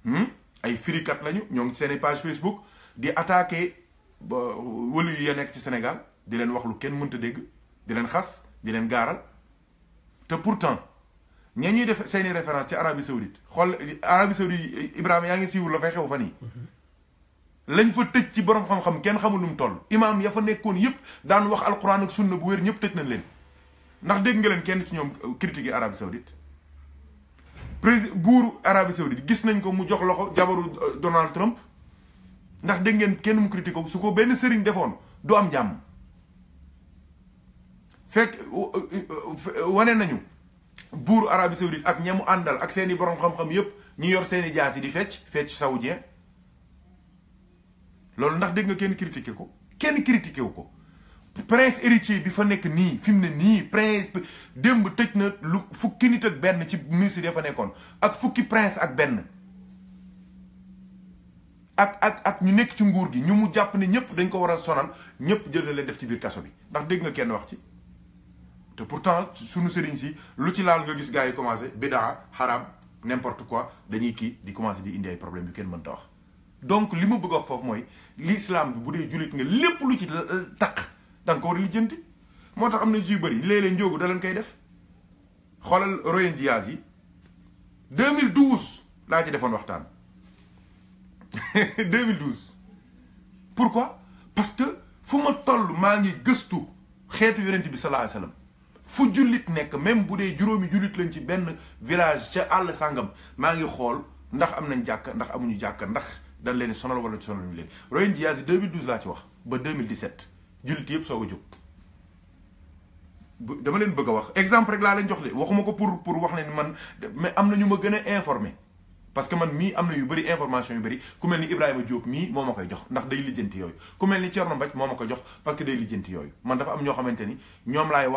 hmm? ay firikat lañu fait page Facebook di attaquer ba wolu ya nekk ci Sénégal di len wax lu kenn mënta dégg di len xass di len te pourtant ñi ñuy def référence ci Arabie Saoudite xol Arabie Saoudite ibrahim vous la fay fan lañ fa tëj ci borom xam-xam kenn xamul lu mu toll imaam ya fa nekkoon yëpp daan wax alquran ak sunna bu wér ñëpp tëj na leen ndax dégg nga leen kenn ci ñoom critiquer Arabie Saoudite président buur Arabie Saoudite gis nañ ko mu jox loxo jabaru euh, Donald Trump ndax dégg ngeen kenn mu critiqué ko su ko benn sëriñ defoon du am jàmm fekk euh, euh, wane nañu buuru Arabie Saoudite ak ñamu àndal ak seeni borom xam-xam yëpp ñu yor seeni jaas yi di fecc fecc saoudien loolu ndax dégg nga kenn critiqué ko kenn critiqué wu ko prince héritier bi fa nekk nii fi mu ne nii prince démb tëj na lu fukki nit ak benn ci ministre yi fa nekkoon ak fukki prince ak benn ak ak ak ñu nekk ci nguur gi ñu mu jàpp ne ñëpp dañ ko war a sonal ñëpp jël na leen def ci biir kaso bi ndax dégg nga kenn wax ci te pourtant sunu sëriñ si lu ci laal nga gis gaa yi commencé bidaa xaraam n'importe quoi dañu kii di commencé di indi ay problème yu mënta wax donc li ma bëgg a wax foofu mooy l'islam bi bu dee nga lepp lu ci euh, tak da nga ko war a lijjanti moo tax ci yu bëri léeg-léeg da lañ koy def xolal Royen Diaz yi 2012 la ci defon waxtan 2012 pourquoi parce que fu ma toll maa ngi gëstu xeetu yonent bi sallallahu alayhi wasallam fu jullit nek même bu dee juróomi lañ ci ben village ca àll sangam ma ngi xol ndax am nañ jàkka ndax amuñu jàkka ndax dan leen sonal wala sonal ñu leen 2012 la ci wax ba 2017 jullit yëpp soog dama exemple rek laa leen jox de pour pour wax leen mais am na ñu ma parce que man mii am na yu information yu bëri ku mel Ibrahima Diop mii moo ma koy jox ndax day lijjanti ku parce que day lijjanti yooyu man dafa am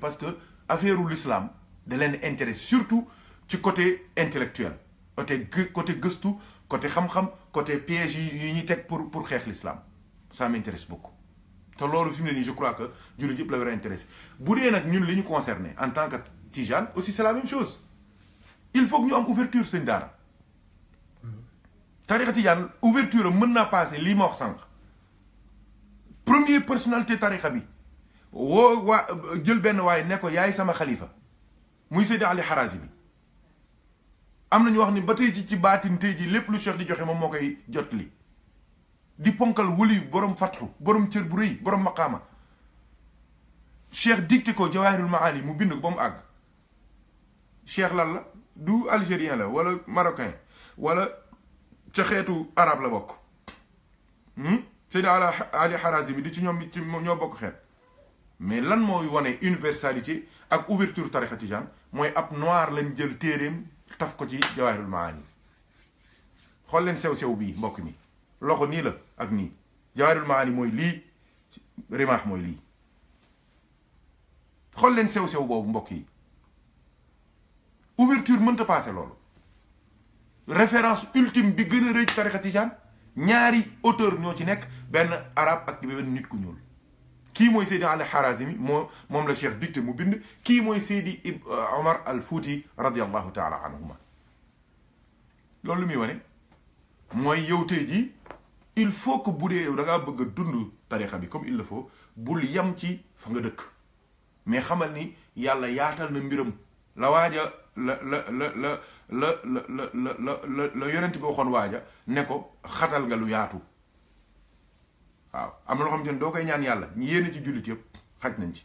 parce que affaire l'islam de leen intérêt surtout du côté intellectuel côté côté gëstu côté xam-xam côté piège yi ñuy teg pour pour xeex l'islam ça m'intéresse beaucoup te loolu fi mu ne nii je crois que jullit yëpp la war a intéressé bu dee nag ñun li ñu concerné en tant que tijane aussi c'est la même chose il faut que ñu am ouverture sëñ daara tariqa tijane ouverture am mën naa passé lii ma wax sànq première personnalité tariqa bi woo waa jël benn waaye ne ko yaay sama xalifa muy Seydi Ali Harazimi bi am na ñu wax ni ba tey ci ci baatin tey ji lépp lu cheikh di joxe moom moo koy jot li di ponkal wuli borom fatxu boroom cër bu rëy borom maqaama cheikh dicté ko jawaahirul maani mu bind ko ba mu àgg cheikh lan la du algérien la wala marocain wala ca xeetu arab la bokk hmm? Seyda Ala Ali Harazimi di ci ñoom ci ñoo bokk xeet mais lan mooy wane universalité ak ouverture tarixa tijaan mooy ab noir lañ jël téeréem تفكو تي جواهر المعاني خول لين سيو سيو بي مبوك مي لوخو ني لا اك ني جواهر المعاني موي لي رماح موي لي خول لين سيو سيو بوب مبوك يي اوفرتور مونتا باسي لولو ريفيرنس اولتيم بي گن ريج طريقه تيجان نياري اوتور نيو تي نيك بن عرب اك بن نيت كو نيول كي موي سيدي علي حرازمي موم لا شيخ ديكتي مو mu كي موي سيدي عمر الفوتي رضي الله تعالى عنهما taala anhuma loolu موي muy wane mooy il faut que boudé yow da nga bëgg dund tarixa bi comme il le faut bul yam ci fa nga dëkk mais xamal ni yàlla yaatal na mbiram la waaja la la la la la la la la la la yonent bi waxoon waaja ne ko xatal nga lu yaatu waaw am na loo xam te doo koy ñaan yàlla ñu yéene ci jullit yëpp xaj nañ ci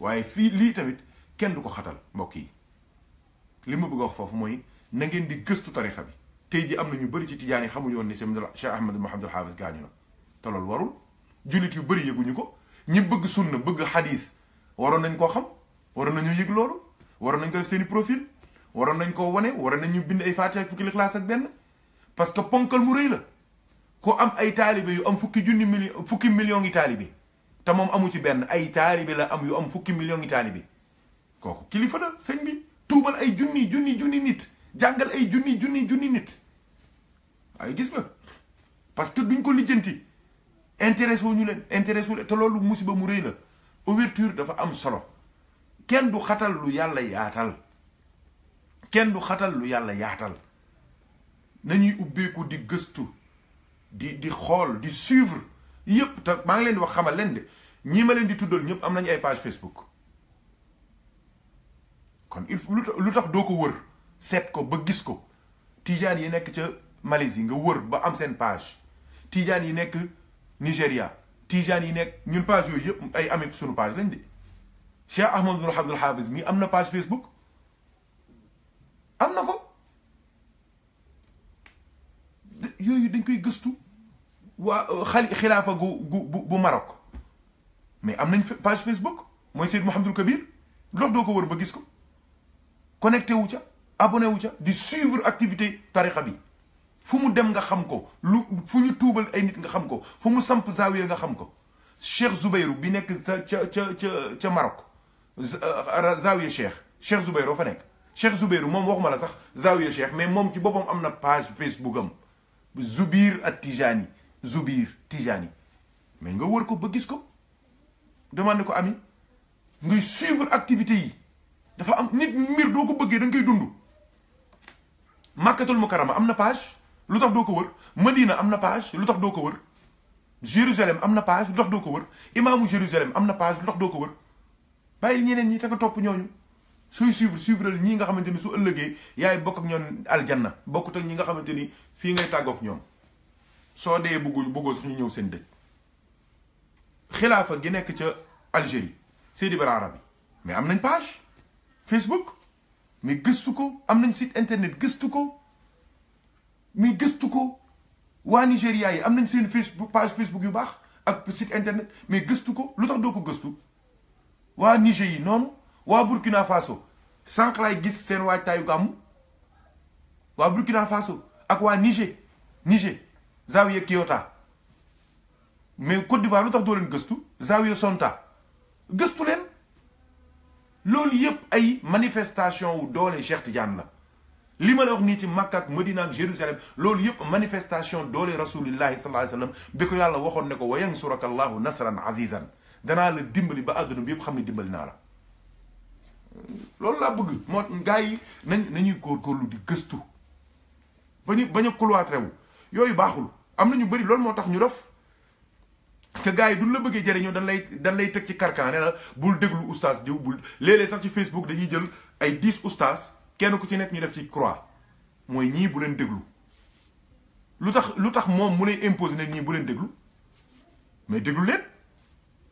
waaye fii lii tamit kenn du ko xatal mbokk yi li ma bëgg a wax foofu mooy na ngeen di gëstu tarixa bi tey ji am na ñu bëri ci tijaan yi xamuñu woon ni Cheikh Ahmed Mouhamadul Haafis gaañu na te loolu warul jullit yu bëri yëguñu ko ñi bëgg sunna bëgg xadiis waroon nañ koo xam waroon nañu yëg loolu waroon nañ ko def seen profil waroon nañ koo wane waroon nañ ñu bind ay faatiha fukki lixlaas ak benn parce que ponkal mu rëy la ko am ay taalibe yu am fukki junni million fukki million ngi taalibe te moom amu ci benn ay taalibe la am yu am fukki million ngi taalibe kooku kilifa la sëñ bi tuubal ay junni junni junni nit jàngal ay junni junni junni nit waaye gis nga parce que duñ ko lijjanti intéresse wu ñu leen intéresse leen te loolu musiba mu rëy la ouverture dafa am solo kenn du xatal lu yàlla yaatal kenn du xatal lu yàlla yaatal nañuy ubbeeku di gëstu di di xool di suivre yëpp te maa ngi leen di wax xamal leen de ñi ma leen di tuddal ñëpp am nañu ay page Facebook kon il lu tax doo ko wër seet ko ba gis ko tijaan yi nekk ca Malaisie nga wër ba am seen page tijaan yi nekk Nigéria tijaan yi nekk ñun page yooyu yëpp ay amee sunu page lañ de Cheikh Ahmadou Abdoul Hafiz mi am na page Facebook am na ko. yooyu dañ koy gëstu waa xali xilaafa gu gu bu Maroc mais am nañ page Facebook mooy Seyd Mouhamadul Kabir lox doo ko wër ba gis ko connecté wu ca abonné wu ca di suivre activité tarixa bi fu mu dem nga xam ko lu fu ñu tuubal ay nit nga xam ko fu mu samp zaawiya nga xam ko Cheikh Zubairu bi nekk ca ca ca ca ca Maroc zaawiya Cheikh Cheikh Zubairu fa nekk Cheikh Zubairu moom waxuma la sax zaawiya Cheikh mais moom ci boppam am na page Facebook am Zubir ak Tijani Zubir Tijani mais nga wër ko ba gis ko demande ko ami ngay suivre activité yi dafa am nit mir doo ko bëggee da nga koy dund. Makkatul Mukarrama am na page lu tax doo ko wër Medina am na page lu tax doo ko wër Jérusalem am na page lu tax doo ko wër imaamu Jérusalem am na page lu tax doo ko wër bàyyil ñeneen ñi te nga topp ñooñu. sooy suivre suivre ñii nga xamante ni su ëllëgee yaay bokk ak ñoom aljanna bokkut ak ñi nga xamante ni fii ngay tàggook ñoom soo dee bëggu bëggoo sax ñu ñëw seen dëj xilaafa gi nekk ca Algérie Seydi Bara Arabi mais am nañ page Facebook mais gëstu ko am nañ site internet gëstu ko mais gëstu ko waa Nigéria yi am nañ seen Facebook page Facebook yu baax ak site internet mais gëstu ko lu tax doo ko gëstu waa Niger yi noonu waa Burkina Faso sànq laay gis seen waajtaayu gàmmu waa Burkina Faso ak waa Niger Niger Zawiya Kiyota mais Côte d'Ivoire lu tax doo leen gëstu Zawiya Sonta gëstu leen loolu yépp ay manifestation wu doole Cheikh Tidiane la li ma la wax nii ci Makka ak Medina ak Jérusalem loolu yépp manifestation doole rasulillahi sallallahu alayhi wa sallam bi ko yàlla waxoon ne ko wa yansuraka allahu nasran azizan danaa la dimbali ba àdduna bi yépp xam ne dimbali naa la loolu laa bëgg moo gars yi nañ nañuy góorgóorlu di gëstu bañu bañ a cloîtré wu yooyu baaxul am na ñu bëri loolu moo tax ñu def que gars yi duñ la bëggee jëriñoo dañ lay dañ lay teg ci carcan ne bul déglu oustaz diw bul léeg-léeg sax ci Facebook dañuy jël ay dix oustaz kenn ku ci nekk ñu def ci croix mooy ñii bu leen déglu lu tax lu tax moom mu lay imposer ne ñii bu leen déglu mais déglu leen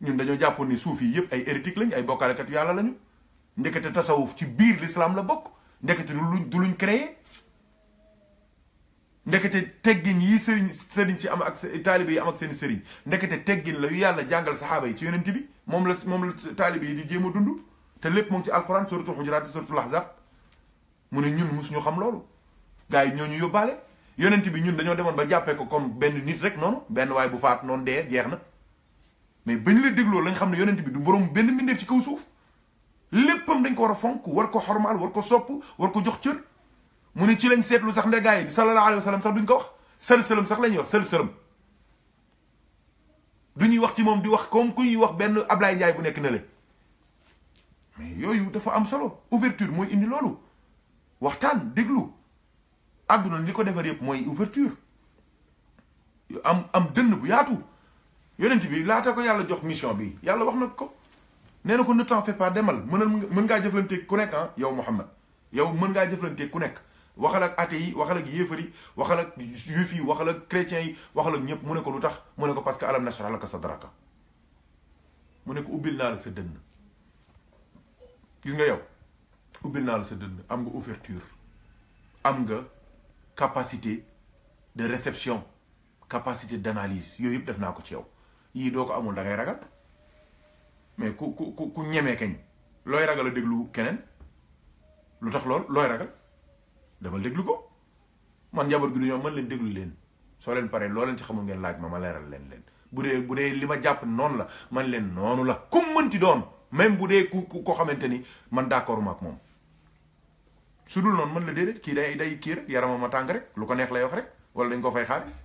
ñun dañoo jàppoon ni suuf yi yëpp ay hérétique lañ ay bokkaalekatu yàlla lañu ndekete tasawuf ci biir l'islam la bokk ndekete du luñ du luñ créé ndekete teggin yi sëriñ sëriñ si am ak taalibe yi am ak seen sëriñ ndekete teggin la yàlla jàngal saxaaba yi ci yonent bi moom la moom la taalibe yi di jéem a dund te lépp moom ci alquran suratul xujuraat suratul ahzab mu ne ñun mosuñu xam loolu gars yi ñoo ñu yóbbaale yonent bi ñun dañoo demoon ba jàppee ko comme benn nit rek noonu benn waay bu dee jeex na mais bañ la dégloo lañ xam ne yonent bi du borom benn mbindeef ci kaw suuf léppam dañ ko war a fonk war ko xormaal war ko sopp war ko jox cër mu ne ci leen seetlu sax ndegaay bi sallallahu alayhi wa sax duñ ko wax sël sëlam sax lañuy wax sël sëlam du ñuy wax ci moom di wax comme ku ñuy wax benn Ablaye Ndiaye bu nekk na yooyu dafa am solo ouverture mooy indi loolu waxtaan déglu àdduna li ko defar yëpp mooy ouverture am am dënn bu yaatu yonent bi laata ko yàlla jox mission bi yàlla wax na ko nee na ko ne t'en fais pas demal mënal mën ngaa jëflanteeg ku nekk ah yow Muhammad yow mën ngaa jëflanteeg ku nekk waxal ak athée yi waxal ak yéefar yi waxal ak juif yi waxal ak chrétiens yi waxal ak ñëpp mu ne ko lu tax mu ne ko parce que alam nashrah laka sadraka mu ne ko ubbil naa la sa dënn gis nga yow ubbil naa la sa dënn am nga ouverture am nga capacité de réception capacité d'analyse yooyu yëpp def naa ko ci yow yi do ko amul da ngay ragal mais ku ku ku ku ñemee kañ loy ragal deglu déglu keneen lu tax lool looy ragal dama deglu ko man jabar gi du ñoom man leen deglu leen so leen paré lo leen ci xamul ngeen laaj ma ma leral leen leen budé budé lima japp non la man leen nonu la kum mënti doon même budé ku ku ko xamanteni ni man d'accord ma ak sudul non man la dedet ki day day kii rek yaramam ma rek lu ko neex lay wax rek wala dañ ko fay xaliss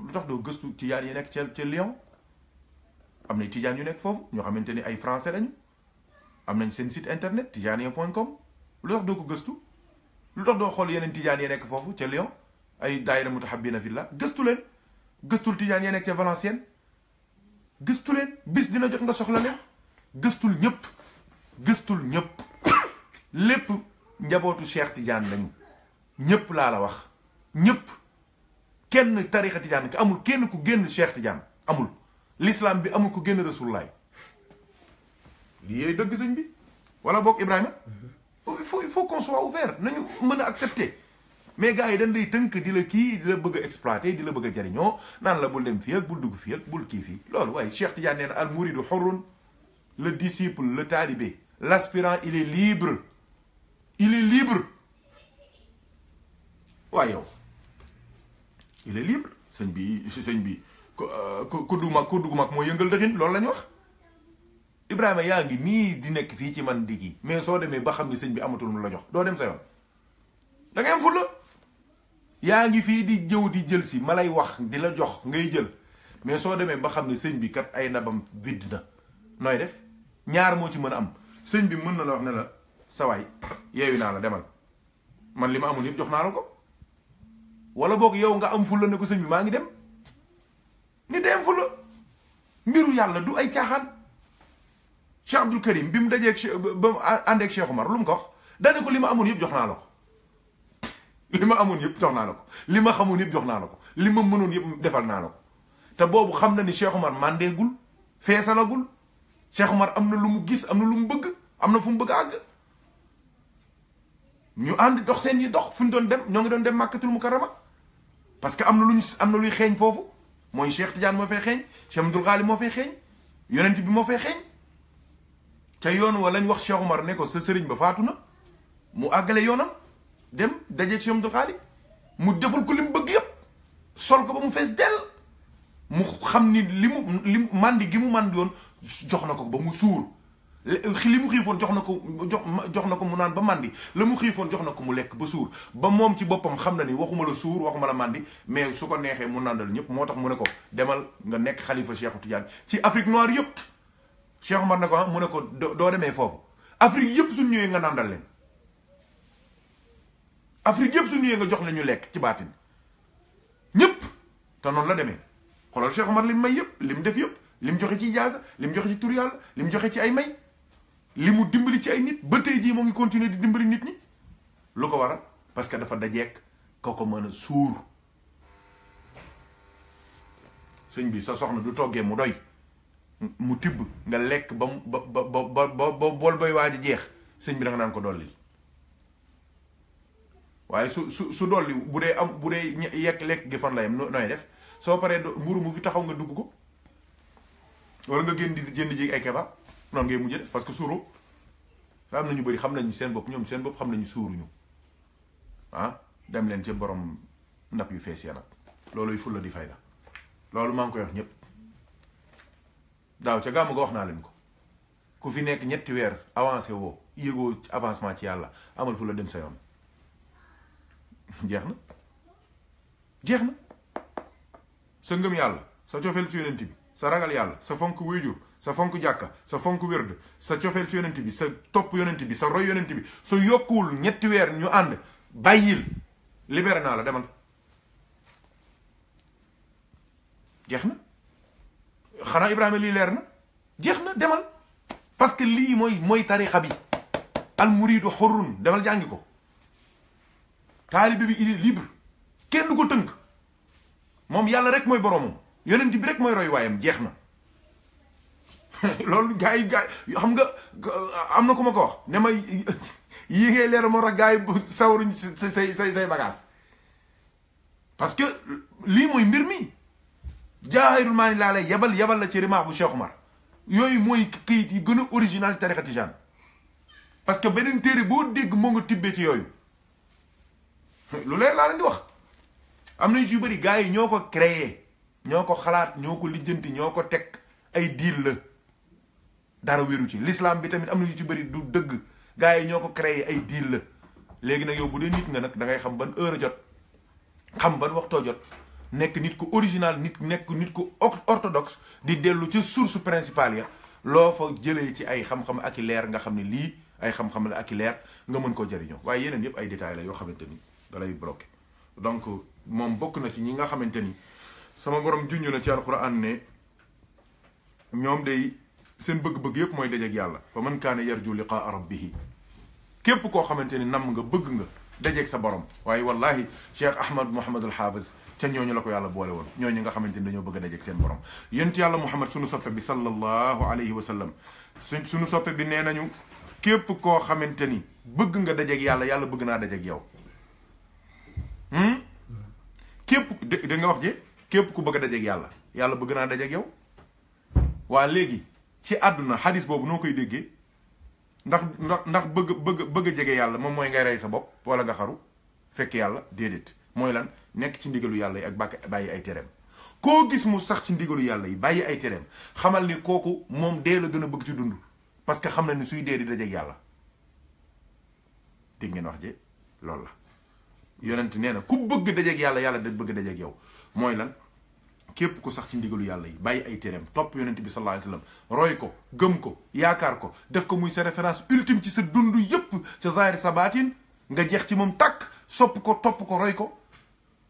lutax do geustu gëstu yi nek ci ca Lyon am na yu nek fofu ñoo xamanteni ay français lañu amnañ nañ seen site internet tijaanien lutax do ko geustu lutax do xol yenen yeneen yi nek fofu ci lion ay daayira mutahabbina fillah geustu len geustul tijaan yi nek ci Valenciennes geustu len bis dina jot nga soxla len geustul ñep geustul ñep lépp njabootu Cheikh Tidiane lañu ñep la la wax ñep kenn tarixa tijaan ki amul kenn ku génn Cheikh Tidiane amul l'islam bi amul ku génn Rasulullaay lii yooyu dëgg sëñ bi wala boog Ibrahima il faut il faut qu'on ouvert nañu mën a accepter mais gars yi dañ lay tënk di la kii di la bëgg a di la bëgg a jariñoo naan la bul dem fii ak bul dugg fii ak bul kii fii loolu waaye Cheikh Tidiane nee na al mouridu xorun le disciple le talibé l'aspirant il est libre il est libre waaye yow il est libre sëñ bi sëñ bi ko euh, ko dugg ko dugg mo dexin lolou lañ wax ibrahima yaangi ni di nek fi ci man digi mais so demé ba xam ni sëñ bi amatul lu la jox do dem sa yoon da ngay am fulu yaangi fi di jëw di jël si malay wax di la jox ngay jël mais so demé ba xam bi kat ay nabam vidd na noy def ñaar mo ci mëna am sëñ bi mëna la wax ne la sawaay yeewi la demal man lima amul yëpp jox na la ko wala boog yow nga am fulla ne ko sëñ bi maa ngi dem ni dem fulla mbiru yàlla du ay caaxaan Cheikh Abdul Karim bi mu dajeeg ba mu àndeeg Cheikh lu mu ko wax dane ko li ma amoon yëpp jox naa la li ma amoon yëpp jox naa la ko li ma xamoon yëpp jox naa la ko li ma mënoon yëpp defal naa la te boobu xam na ni Cheikh Omar màndeegul feesalagul Cheikh Omar am na lu mu gis am na lu mu bëgg am na fu mu bëgg àgg ñu ànd dox seen yi dox fu ñu doon dem ñoo ngi doon dem màkkatul mukarrama parce que amna luñu amna luy xéñ fofu moy Cheikh Tidiane mo fay xéñ Cheikh Amadou Ghali mo fay xéñ yonent bi mo fay xéñ ca yoon wa lañ wax Cheikh Omar ne ko sa serigne ba fatuna mu agalé yonam dem dajé Cheikh Amadou Ghali mu deful ko lim bëgg yëpp sol ko ba mu fess del mu xamni limu màndi gi mu màndi woon jox na ba mu sour li mu xiifoon jox na ko jox jox na ko mu naan ba màndi la mu xiifoon jox na ko mu lekk ba suur ba moom ci boppam xam na ni waxuma la suur waxuma la màndi mais su ko neexee mu nàndal ñëpp moo tax mu ne ko demal nga nekk xalifa Cheikh Tidiane ci Afrique noire yëpp Cheikh Omar ne ko ah mu ne doo demee foofu Afrique yëpp suñu ñëwee nga nàndal leen Afrique yëpp suñ ñëwee nga jox la lekk ci baatin ñëpp te noonu la demee xoolal Cheikh Omar lim may yëpp lim def yëpp lim joxe ci ijaasa lim joxe ci tur yàlla lim joxe ci ay may limu dimbali ci ay nit ba tay ji mo ngi continuer di dimbali nit ñi lu ko waral parce que dafa dajeek ko ko mën a suur bi sa soxna du toggé mu doy mu tib nga lek ba ba ba ba ba waji jeex señ bi da nga nan ko dolli waye su su su dolli bu dee am bu dee yekk lekk gi fan lay noy def so paré mburu mu fi taxaw nga dugg ko wala nga génn di jënd ji ay kebab non ngay mujjé def parce que suuru am nañu bari xam nañu seen bop ñom seen bop xam nañu ñu ah dem leen ci borom nap yu fees ya nag looluy fulla di fayda lolou ma ngi koy wax ñep daw ci gàmm ga wax na leen ko ku fi nek ñetti wër avancé woo yëgoo avancement ci yalla amul fulla dem sa yoon jeexna jeexna sa ngëm yalla sa cofeel ci yonent bi sa ragal yalla sa fonk wéyjur sa fonk jàkka sa fonk wérd sa cofeel ci yonent bi sa topp yonent bi sa roy yonent bi su yokkuwul ñetti weer ñu ànd bàyyil libéré naa la demal jeex na xanaa Ibrahima lii leer na jeex na demal parce que lii mooy mooy tarixa bi al muridu demal jàngi ko taalibe bi libre kenn du ko tënk moom yàlla rek mooy boroomam yonent bi rek mooy roy waayam jeex na loolu gars yi gars xam nga am na ku ma ko wax ne ma yéegee leer moo tax gars yi sawaruñ sa say say say parce que lii mooy mbir mi jaaxirul maa ni laa lay yebal yebal la ci rimaax bu Cheikh Umar yooyu mooy kayit yi gën a original tarixa tijaan parce que beneen téere boo dégg moo nga tibbee ci yooyu lu leer laale leen di wax am nañu ci bëri gars yi ñoo ko créé ñoo ko xalaat ñoo ko lijjanti ñoo ko teg ay diil la dara wéru ci lislaam bi tamit am na ñu ci bëri du dëgg gars yi ñoo ko créé ay deal la léegi nag yow bu dee nit nga nag dangay xam ban heure a jot xam ban waxtoo jot nekk nit ku original nit nekk nit ku orthodoxe di dellu ci source principal ya loo fa jëlee ci ay xam-xam ak i leer nga xam ne lii ay xam-xam la ak i leer nga mën koo jëriñoo waaye yeneen yëpp ay détails la yoo xamante ni da lay bloqué donc moom bokk na ci ñi nga xamante ni sama borom junj na ci alquran ne ñoom day seen bëgg-bëgg yépp mooy dajeeg yàlla fa man kaana yarju liqa rabbihi képp koo xamante ni nam nga bëgg nga dajeeg sa borom waaye wallahi cheikh ahmad mohamad al hafiz ca ñooñu la ko yàlla boole woon ñooñu nga xamante ni dañoo bëgg dajeeg seen borom yent yàlla muhammad sunu soppe bi sallallahu alayhi wa sallam sunu soppe bi nee nañu képp koo xamante ni bëgg nga dajeeg yàlla yàlla bëgg naa dajeeg yow hmm? képp de nga wax je képp ku bëgg a dajeeg yàlla yàlla bëgg naa dajeeg yow waa léegi ci àdduna xadis boobu noo koy déggee ndax ndax bëgg bëgg bëgg jege yàlla moom mooy ngay rey sa bopp wala nga xaru fekk yàlla déedéet mooy lan nekk ci ndigalu yàlla yi ak bàkk bàyyi ay tereem koo gis sax ci ndigalu yàlla yi bàyyi ay tereem xamal ni kooku moom dee la gën a bëgg ci dund parce que xam na ni suy dee di dajeeg yàlla dégg ngeen wax je loolu la yonent nee na ku bëgg dajeeg yàlla yàlla da bëgg dajeeg yow mooy lan képp ku sax ci ndigalu yàlla yi bàyyi ay téeréem topp yonent bi sallallahu alayhi wasallam roy ko gëm ko yaakaar ko def ko muy sa référence ultime ci sa dund yépp sa zahir sa baatin nga jeex ci moom tàkk sopp ko topp ko roy ko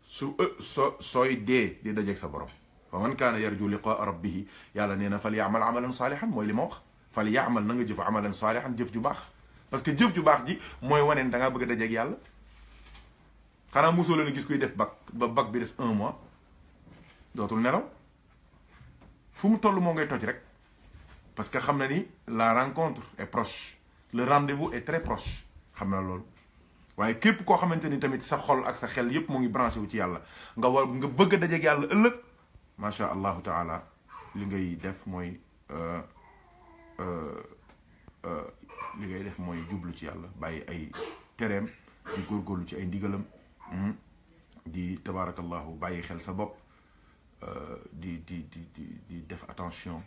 su e, so sooy dee di dajeeg sa borom fa man kaana yarju liqaa rabbihi yàlla nee na fal yaamal amalan saalihan mooy li ma wax fal yaamal nga jëf amalan saalihan jëf ju baax parce que jëf ju baax ji mooy waneen da ngaa bëgg dajeeg yàlla xanaa mosoo leen gis kuy def bak ba bak bi des un mois dootul nelaw fu mu toll moo ngay toj rek parce que xam ni la rencontre est proche le rendez-vous est très proche xam na loolu waaye képp koo xamante ni tamit sa xol ak sa xel yépp mu ngi branché wu ci yàlla nga war nga bëgg a dajeeg yàlla ëllëg macha allahu taala li ngay def mooy euh, euh, euh, li ngay def mooy jublu ci yàlla bàyyi ay tereem di góorgóorlu ci ay ndigalam hmm, di tabaarakallahu bàyyi xel sa bopp Euh, di di di di di def attention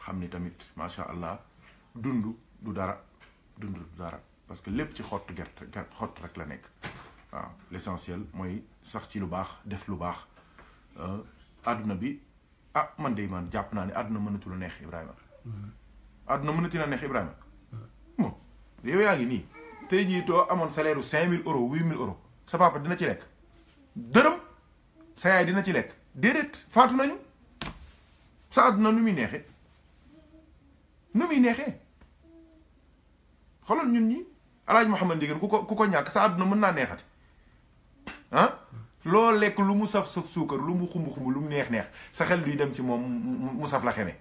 xamni ni tamit macha allah dund du dara dund du dara parce que lepp ci xottu gerte xott rek la nek waaw l'essentiel moy sax ci lu bax def lu bax baax euh, aduna bi ah man de man jàpp naa ne àdduna mënatul a neex Ibrahima. aduna mënatul a neex Ibrahima. bon yow yaa ngi nii tey jii too amoon salaire ru cinq mille euros huit mille euros sa papa dina ci lekk dërëm sa yaay dina ci lekk. dedet faatu nañu sa àdduna nu muy neexee nu muy neexee xolal ñun ñi alaaj mohammed Ndieguène ku ko ku ko ñàkk sa àdduna mën naa neexati ah loo lekk lu mu saf saf suukar lu mu xumb xumb lu mu neex neex sa xel duy dem ci moom mu saf la xene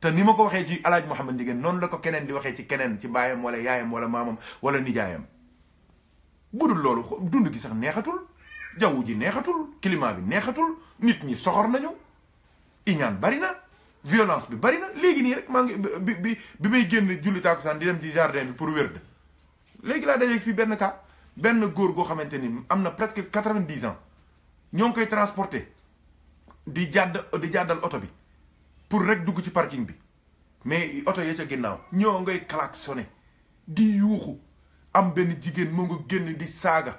te ni ma ko waxee ci alaaj mohammed Ndieguène noonu la ko keneen di waxee ci keneen ci baayam wala yaayam wala maamam wala nijaayam budul loolu dund gi sax neexatul jaww ji neexatul climat bi neexatul nit ñi soxor nañu iñaan bari na violence bi bari na léegi nii rek maa ngi bi bi bi may génn julli saan di dem ci jardin bi pour wér de léegi laa dajeeg fii benn cas benn góor goo xamante ni am na presque quatre-vingt-dix ans ñoo ngi koy transporté di jàdd di jàddal oto bi pour rek dugg ci parking bi mais oto ya ca ginnaaw ñoo ngay klaxonné di yuuxu am benn jigéen moo nga génn di saaga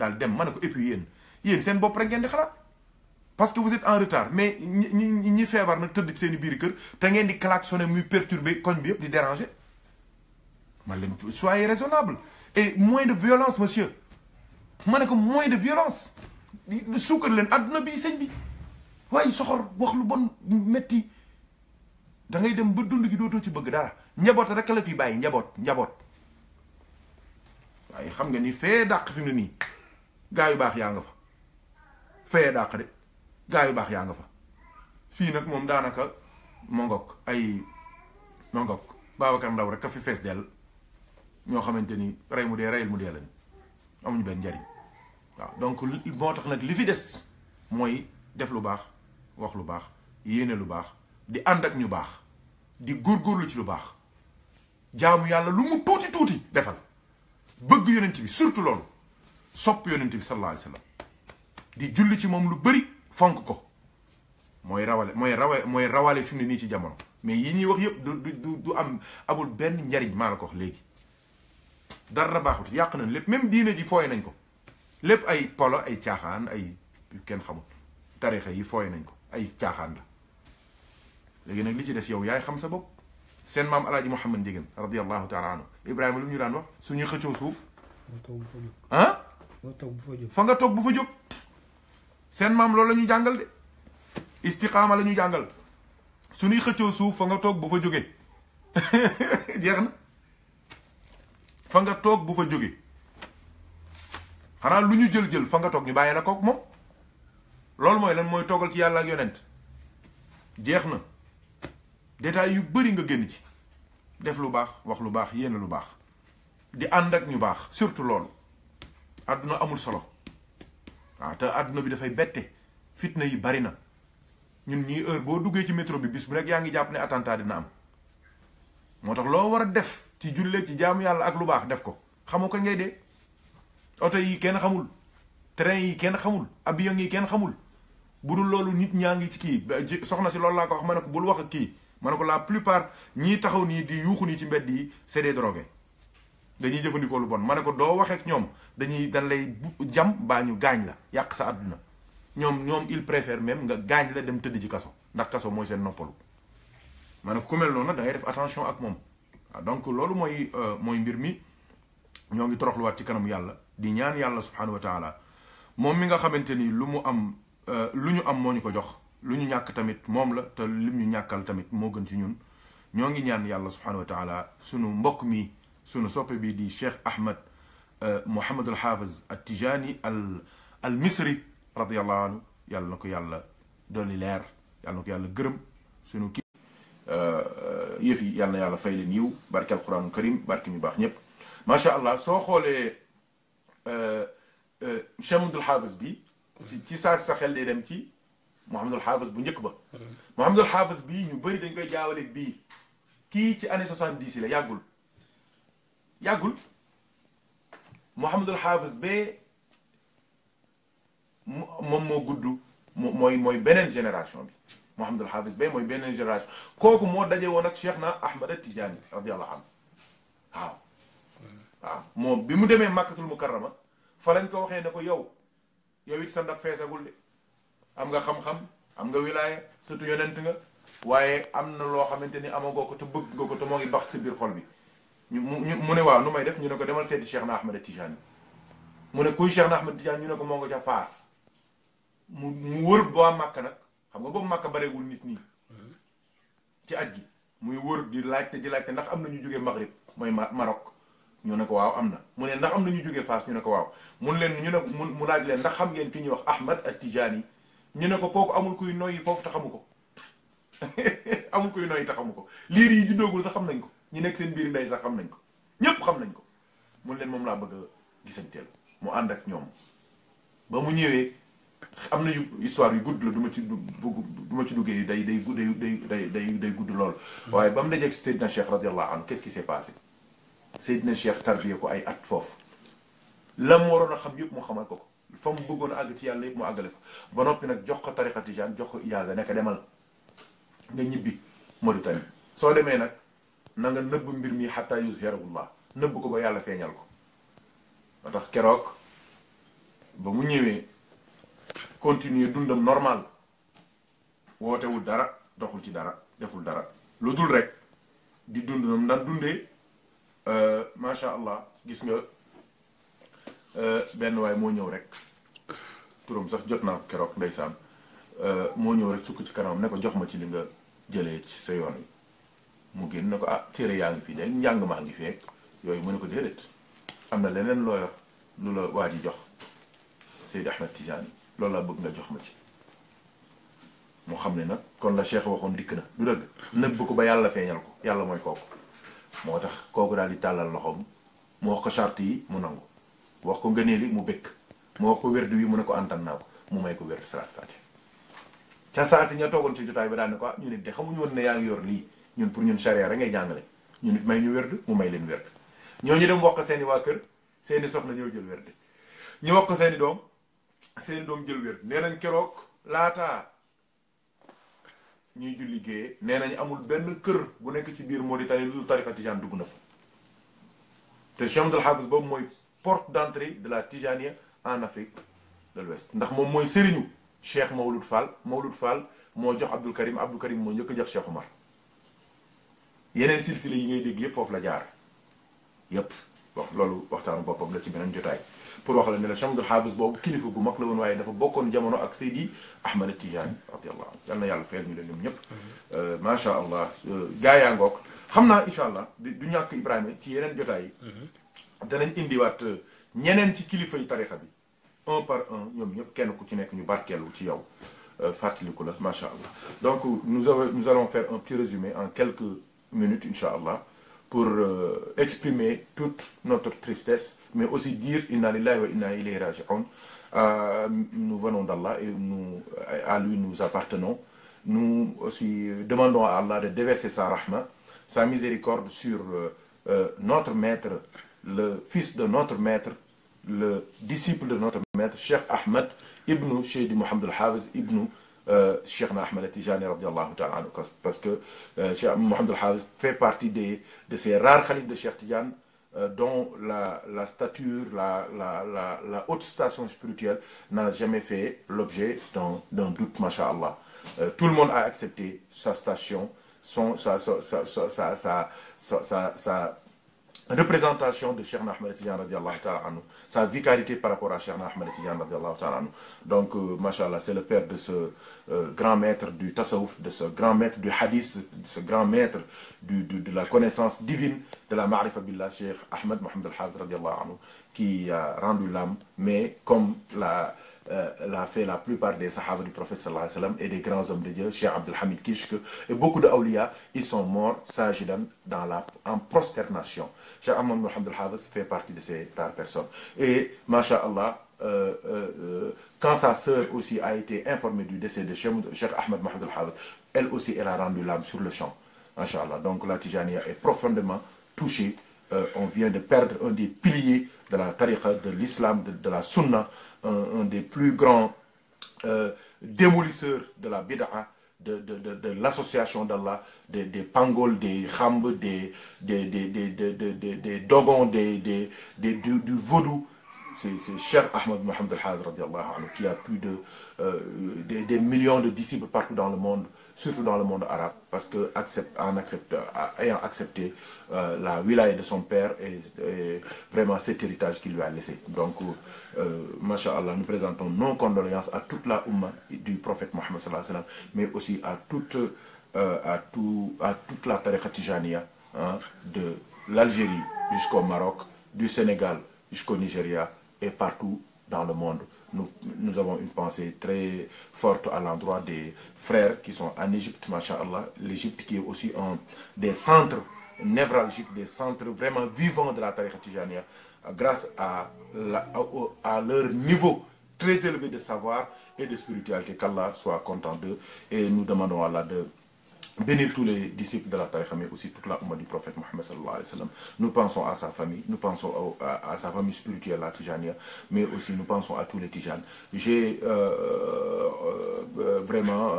dal dem ma ko et puis yéen yéen seen bopp rek ngeen di xalat parce que vous êtes en retard mais ñi ñi feebar na tëdd seen i biir kër ta ngeen di klaxoné muy perturbé koñ bi yépp di déranger man leen soyez raisonnable et moins de violence monsieur ma ko moins de violence suukar leen aduna bi seigne bi way soxor wax lu bon metti da ngay dem ba dund gi doto ci bëgg dara njaboot rek la fi bàyyi njaboot njaboot waaye xam nga ni fee dàq fi mu ne nii gaa yu baax yaa nga fa fayee dàq de gaa yu baax yaa nga fa fii nag moom daanaka ma ngoog ay ma ngoog Ndaw rek a fi fees dell ñoo xamante ni rey mu dee reyal mu dee lañ amuñ benn njariñ waaw donc moo tax nag li fi des mooy def lu baax wax lu baax yéene lu baax di ànd ak ñu baax di góorgóorlu ci lu baax jaamu yàlla lu mu tuuti tuuti defal bëgg yonent bi surtout loolu sopp yonent bi sallallahu alayhi wasallam di julli ci mom lu beuri fonk ko moy rawale moy rawale moy rawale fimni ni ci jamono mais yi ñuy wax yeb du du du am abul ben njariñ maa ko wax léegi dara baxut yak nañ lépp même diine ji fooy nañ ko lépp ay polo ay tiaxan ay ken xamul tarixa yi fooy nañ ko ay tiaxan la legi nak li ci dess yow yaay xam sa bopp sen mam alaaji mohammed digen radiyallahu taala anhu ibrahim lu ñu daan wax suñu xëccu suuf ha fa nga toog bu fa jóg seen maam loolu la ñu jàngal de istiqaama la ñu jàngal suñuy xëccoo suuf fa nga toog bu fa jógee jeex na fa nga toog bu fa jógee xanaa lu ñu jël jël fa nga toog ñu bàyyi na kook moom loolu mooy lan mooy toogal ci yàlla ak yonent jeex na détail yu bëri nga génn ci def lu baax wax lu baax yéene lu baax di ànd ak ñu baax surtout loolu àdduna amul solo waaw te àdduna bi dafay bette fitna yi bari na ñun ñii heure boo duggee ci métro bi bis bu nekk yaa ngi jàpp ne attentat dina am moo tax loo war a def ci jullee ci jaamu yàlla ak lu baax def ko xamoo ko ngay dee oto yi kenn xamul train yi kenn xamul avion yi kenn xamul bu dul loolu nit ñaa ngi ci kii soxna si lool laa ko wax ma ne ko bul wax ak kii ma ne ko la plupart ñii taxaw nii di yuuxu nii ci mbedd yi c'est des dañuy jëfandikoo lu bon ma ne ko doo waxee ñoom dañuy dañ lay jam baa ñu gaañ la yàq sa àdduna ñoom ñoom il préfère même nga gaañ la dem tëdd ci kaso ndax kaso mooy seen noppalu ma ne ko ku mel noonu da def attention ak moom ah, donc loolu mooy euh, mooy mbir mi ñoo ngi toroxluwaat ci kanam yàlla di ñaan yàlla subhanahu wa taala moom mi nga xamante ni lu mu am euh, lu ñu am moo ko jox lu ñu ñàkk tamit moom la te lim ñu ñàkkal tamit moo gën ci ñun ñoo ngi ñaan yàlla subhanahu wa taala sunu mbokk mi سونو صوبي بي دي شيخ احمد محمد الحافظ التجاني المصري رضي الله عنه يالا نكو يالا دوني لير يالا نكو يالا غرم سونو كي يفي يالا يالا فاي نيو بارك القران الكريم بارك مي باخ نيب ما شاء الله سو خولي شيخ محمد الحافظ بي سي تي سا سخل دي دم تي محمد الحافظ بو نيك با محمد الحافظ بي ني بري دنج كاي بي كي تي اني 70 لا ياغول يقول محمد الحافظ ب مم مو غدو موي موي بنين جينيراسيون بي محمد الحافظ ب موي بنين جينيراسيون كوكو مو داجي وون شيخنا احمد التجاني رضي الله عنه ها ها مو بيمو ديمي مكه المكرمه فلان كو وخي نكو يو يو يت سندك فيسغول دي امغا خم خم امغا ولايه سوتو يوننتغا وايه امنا لو خامتيني اماغوكو تو بوغ غوكو تو موغي باخ سي بير ñu mu ne waaw nu may def ñu ne ko demal seeti Cheikh na Ahmed Tijani mu ne kuy Cheikh na Ahmed Tijani ñu ne ko moo nga ca mu mu wër ba nag xam nga boobu Màkka bareewul nit ñi ci at gi muy wër di laajte di laajte ndax am na ñu jógee Maghrib mooy Maroc ñu ne ko waaw am na mu ne ndax am na ñu jógee Faas ñu ne ko waaw mun leen ñu ne mu laaj leen ndax xam ngeen ki ñuy wax Ahmed ak Tijani ñu ne ko kooku amul kuy yi foofu te xamu ko amul kuy noyyi te xamu ko liir yi juddoogul sax xam nañ ko. ñi nek seen biir nday sax xam nañ ko ñëpp xam nañ ko mu leen mom la bëgg gisantel mu ànd ak ñom ba mu ñëwé am na yu histoire yu gudd la duma ci duma ci duggé day day day day day day gudd lool. waye bam dajé ak sayyidna Cheikh radiallahu anhu qu'est-ce qui s'est passé sayyidna Cheikh tarbiya ko ay at foofu lam mu waroon xam yëpp mu xamal ko ko fam mu bëggoon ag ci yàlla yëpp mu agalé ko ba nopi nak jox ko tariqati jaan jox ko iyaza nek demal nga ñibbi Mauritanie so démé nak na nga nëbb mbir mi xataa yuzhirahullah nëbb ko ba yàlla feeñal ko ba tax keroog ba mu ñëwee continuer dundam normal wootewul dara doxul ci dara deful dara lu dul rek di dund nam daan dundee euh, macha allah gis nga euh, benn waay moo ñëw rek turam sax jot naa ko keroog ndeysaan euh, moo ñëw rek sukk ci kanamam ne ko jox ma ci li nga jëlee ci sa yoon mu génn ne ah téré yaa ngi fi de njàng ma ngi fek yooyu mu ne ko déedéet amna na leneen loola ya, lu la waji jox Seyd Ahmed tijani lool la bëgg nga jox ma ci mu xam nak kon la cheikh waxon dik na du dëgg nëbb ko ba yalla feñal ko yalla moy koku motax koku dal di talal loxom mu wax ko charte yi mu nangu wax ko ngëneel mu bekk mu wax ko werdu wi mu ne ko antan na ko mu may ko werd salaat fàtte ca saa si ña toogoon ci jotaay ba dal ne ko ah, ñu ne de ñu won ne yaangi yor li ñun pour ñun charia rek ngay jàngale ñun it may ñu wérd mu may leen wérd ñooñu dem wax ko seen waa kër seeni i soxna ñoo jël wérd ñu wax ko seen doom seen i doom jël wérd nee nañ keroog laataa ñuy julli géeyee nee nañ amul benn kër bu nekk ci biir Mauritanie lu tariqa tijaan dugg na fa te Cheikh Abdoul Hafiz boobu mooy porte d'entrée de la tijania en Afrique de l'Ouest ndax moom mooy sëriñu Cheikh Mawlud Fall Mawlud Fall moo jox Abdul Karim Abdul Karim moo njëkk a jox Cheikh yeneen silsila yi ngay dégg yëpp foofu la jaar yëpp wax loolu waxtaanu boppam la ci beneen jotaay pour wax la ne la Cheikh Xaafis boobu kilifa gu mag la woon waaye dafa bokkoon jamono ak Seydi Ahmad Tijaani radiyallahu anhu yal na yàlla fayal ñu leen ñoom ñëpp macha allah gaa yaa ngoog xam naa incha allah du ñàkk Ibrahima ci yeneen jotaay yi danañ indiwaat ñeneen ci kilifa yi tarixa bi un par un ñoom ñëpp kenn ku ci nekk ñu barkeelu ci yow fàttaliku la macha allah donc nous avons nous allons faire un petit résumé en quelques minutes, Inch'Allah, pour euh, exprimer toute notre tristesse, mais aussi dire Inna wa inna raji'un. Euh, nous venons d'Allah et à lui nous appartenons. Nous aussi demandons à Allah de déverser sa rahma, sa miséricorde sur euh, notre maître, le fils de notre maître, le disciple de notre maître, Cheikh Ahmed ibn Shaydi Muhammad al-Hafiz ibn euh, Cheikh Ahmed Tijani parce que euh, Cheikh Mohamed Al-Hafiz fait partie de ces rares khalifs de Cheikh Tidiane euh, dont la, stature, la, haute station spirituelle n'a jamais fait l'objet d'un doute, masha'Allah. tout le monde a accepté sa station, son, sa, sa, sa, représentation de Cheikh Ahmed anhu, sa vicarité par rapport à Cheikh Ahmed anhu. Donc, euh, machallah, c'est le père de ce euh, grand maître du tasawuf, de ce grand maître du hadith, de ce grand maître du, de la connaissance divine de la ma'rifa billah, Cheikh Ahmed Mohamed al anhu, qui a rendu l'âme, mais comme la euh, l'a fait la plupart des sahaba du prophète sallallahu alayhi wa sallam et des grands hommes de Dieu, Cheikh Abdelhamid Kishke et beaucoup de ils sont morts sages dans la, en prosternation. Cheikh Ahmed Mohamed al fait partie de ces personnes. Et, masha'Allah, euh, euh, quand sa sœur aussi a été informée du décès de Cheikh Ahmed Mohamed al elle aussi, elle a rendu l'âme sur le champ. MashaAllah Donc la Tijaniya est profondément touchée. on vient de perdre un des piliers de la tariqa, de l'islam, de, de la sunna un, des plus grands euh, démolisseurs de la bid'a, de, de, de, l'association d'Allah, des, pangols, des khambes, des, des, des, dogons, des, des, du, du vaudou. C'est cher Ahmed Mohamed Al-Haz qui a plus de euh, des, millions de disciples partout dans le monde surtout dans le monde arabe, parce que en ayant accepté euh, la wilaya de son père et, vraiment cet héritage qu'il lui a laissé. Donc, euh, Masha'Allah, nous présentons nos condoléances à toute la umma du prophète Mohammed, mais aussi à toute, euh, à tout, à toute la tariqa tijaniya, hein, de l'Algérie jusqu'au Maroc, du Sénégal jusqu'au Nigeria et partout dans le monde. Nous, avons une pensée très forte à l'endroit des frères qui sont en Égypte, masha'Allah. L'Égypte qui est aussi un des centres névralgiques, des centres vraiment vivants de la tariqa tijaniya, grâce à, leur niveau très élevé de savoir et de spiritualité. Qu'Allah soit content d'eux et nous demandons à Allah de bénir tous les disciples de la Tariqa, mais aussi toute la Ummah du prophète Mohammed sallallahu alayhi wa sallam. Nous pensons à sa famille, nous pensons à, sa famille spirituelle, la Tijania, mais aussi nous pensons à tous les Tijanes. J'ai euh, euh, euh, vraiment,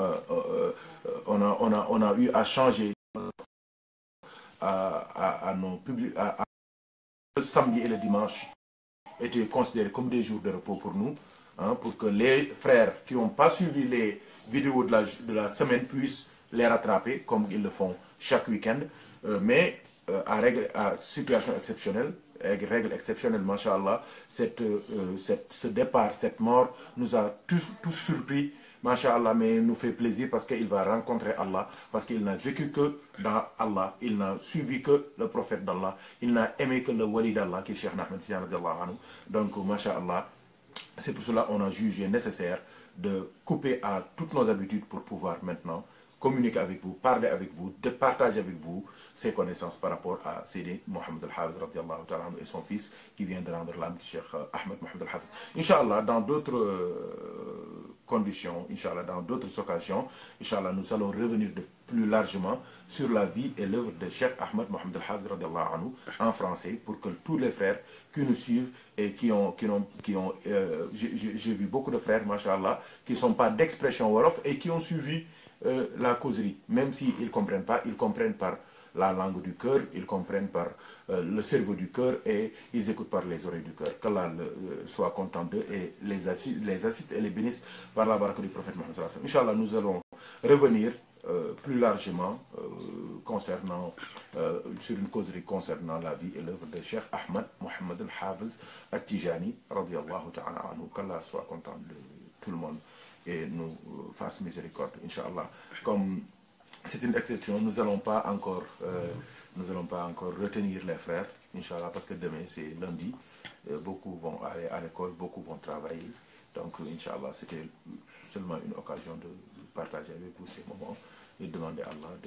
on, a, on, a, on a eu à changer à, nos publics. le samedi et le dimanche étaient considérés comme des jours de repos pour nous. Hein, pour que les frères qui n'ont pas suivi les vidéos de la, de la semaine puissent les rattraper comme ils le font chaque week-end, euh, mais euh, à, règle, à situation exceptionnelle, avec règle exceptionnelle, machallah, euh, cette, ce départ, cette mort nous a tous, tous surpris, machallah, mais nous fait plaisir parce qu'il va rencontrer Allah, parce qu'il n'a vécu que dans Allah, il n'a suivi que le prophète d'Allah, il n'a aimé que le wali d'Allah, qui est Cheikh Ahmed anhu. Donc, Masha'Allah c'est pour cela qu'on a jugé nécessaire de couper à toutes nos habitudes pour pouvoir maintenant communiquer avec vous, parler avec vous, de partager avec vous ses connaissances par rapport à Sidi Mohamed Al-Hafiz et son fils qui vient de rendre l'âme, Cheikh euh, Ahmed Mohamed Al-Hafiz. Inch'Allah, dans d'autres euh, conditions, Inch'Allah, dans d'autres occasions, Inch'Allah, nous allons revenir de plus largement sur la vie et l'œuvre de Cheikh Ahmed Mohamed Al-Hafiz en français pour que tous les frères qui nous suivent et qui ont, qui ont, qui ont euh, j'ai vu beaucoup de frères, machallah qui ne sont pas d'expression warof et qui ont suivi euh, la causerie. Même s'ils ne comprennent pas, ils comprennent par la langue du cœur, ils comprennent par euh, le cerveau du cœur et ils écoutent par les oreilles du cœur. Qu'Allah euh, soit content d'eux et les assiste, les et les bénisse par la barque du prophète Mohammed. Inch'Allah, nous allons revenir plus largement concernant, sur une causerie concernant la vie et l'œuvre de Cheikh Ahmad Mohamed Al-Hafiz At-Tijani, ta'ala anhu. Qu'Allah soit content de tout le monde et nous euh, fasse miséricorde, Inch'Allah. Comme c'est une exception, nous n'allons pas encore euh, nous allons pas encore retenir les frères, Inch'Allah, parce que demain c'est lundi, euh, beaucoup vont aller à l'école, beaucoup vont travailler. Donc, Inch'Allah, c'était seulement une occasion de partager avec vous ces moments et demander à Allah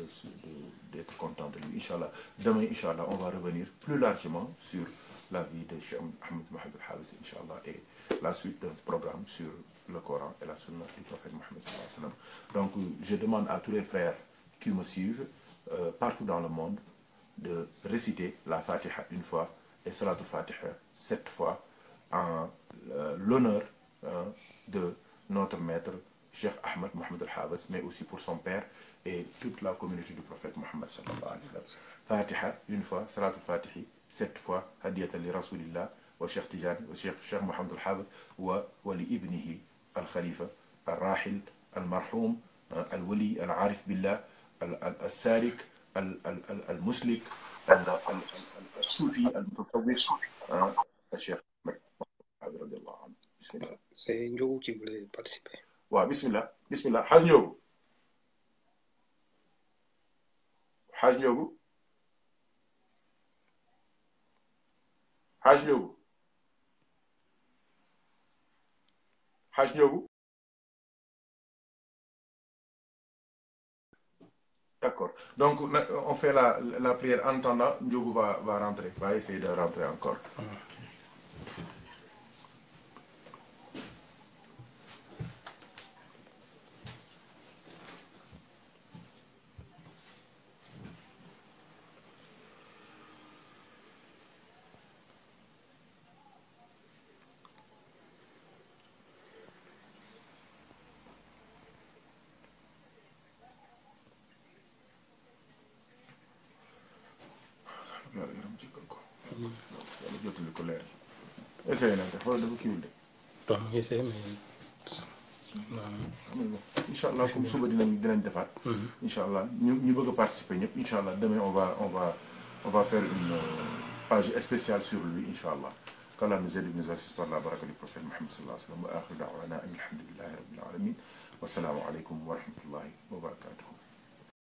d'être content de lui. Inch'Allah, demain, Inch'Allah, on va revenir plus largement sur la vie de Cheikh Ahmed Mohamed Havis, Inch'Allah, et la suite d'un programme sur le Coran et la Sunnah du prophète Mohammed. Donc je demande à tous les frères qui me suivent euh, partout dans le monde de réciter la Fatiha une fois et Salat al-Fatiha sept fois en euh, l'honneur hein, de notre maître Cheikh Ahmed Mohamed al-Habas, mais aussi pour son père et toute la communauté du prophète Mohammed. Fatiha une fois, Salat al-Fatihi sept fois, Hadiyat al-Rasulillah. وشيخ تيجان وشيخ الشيخ محمد الحافظ ولابنه الخليفة الراحل المرحوم الولي العارف بالله السالك المسلك الصوفي المتصوف آه، الشيخ محمد رضي الله عنه بسم الله بسم الله بسم الله حاج نيوغو حاج نيوغو حاج نيوغو D'accord. Donc, on fait la, la prière en attendant. va, va rentrer, va essayer de rentrer encore. Ah. kiwul de. bon mu mais. incha comme suba dinañ dinañ defaat. Mhm. incha allah bëgg participer ñep inshallah demain on va on va on va faire une euh, page spéciale sur lui inshallah qu'Allah nous aide nous assiste par la baraka du prophète Mohammed sallallahu alayhi wa sallam wa akhiru da'wana alhamdulillahi rabbil alamin wa salaamu alaykum wa rahmatullahi wa
barakatuh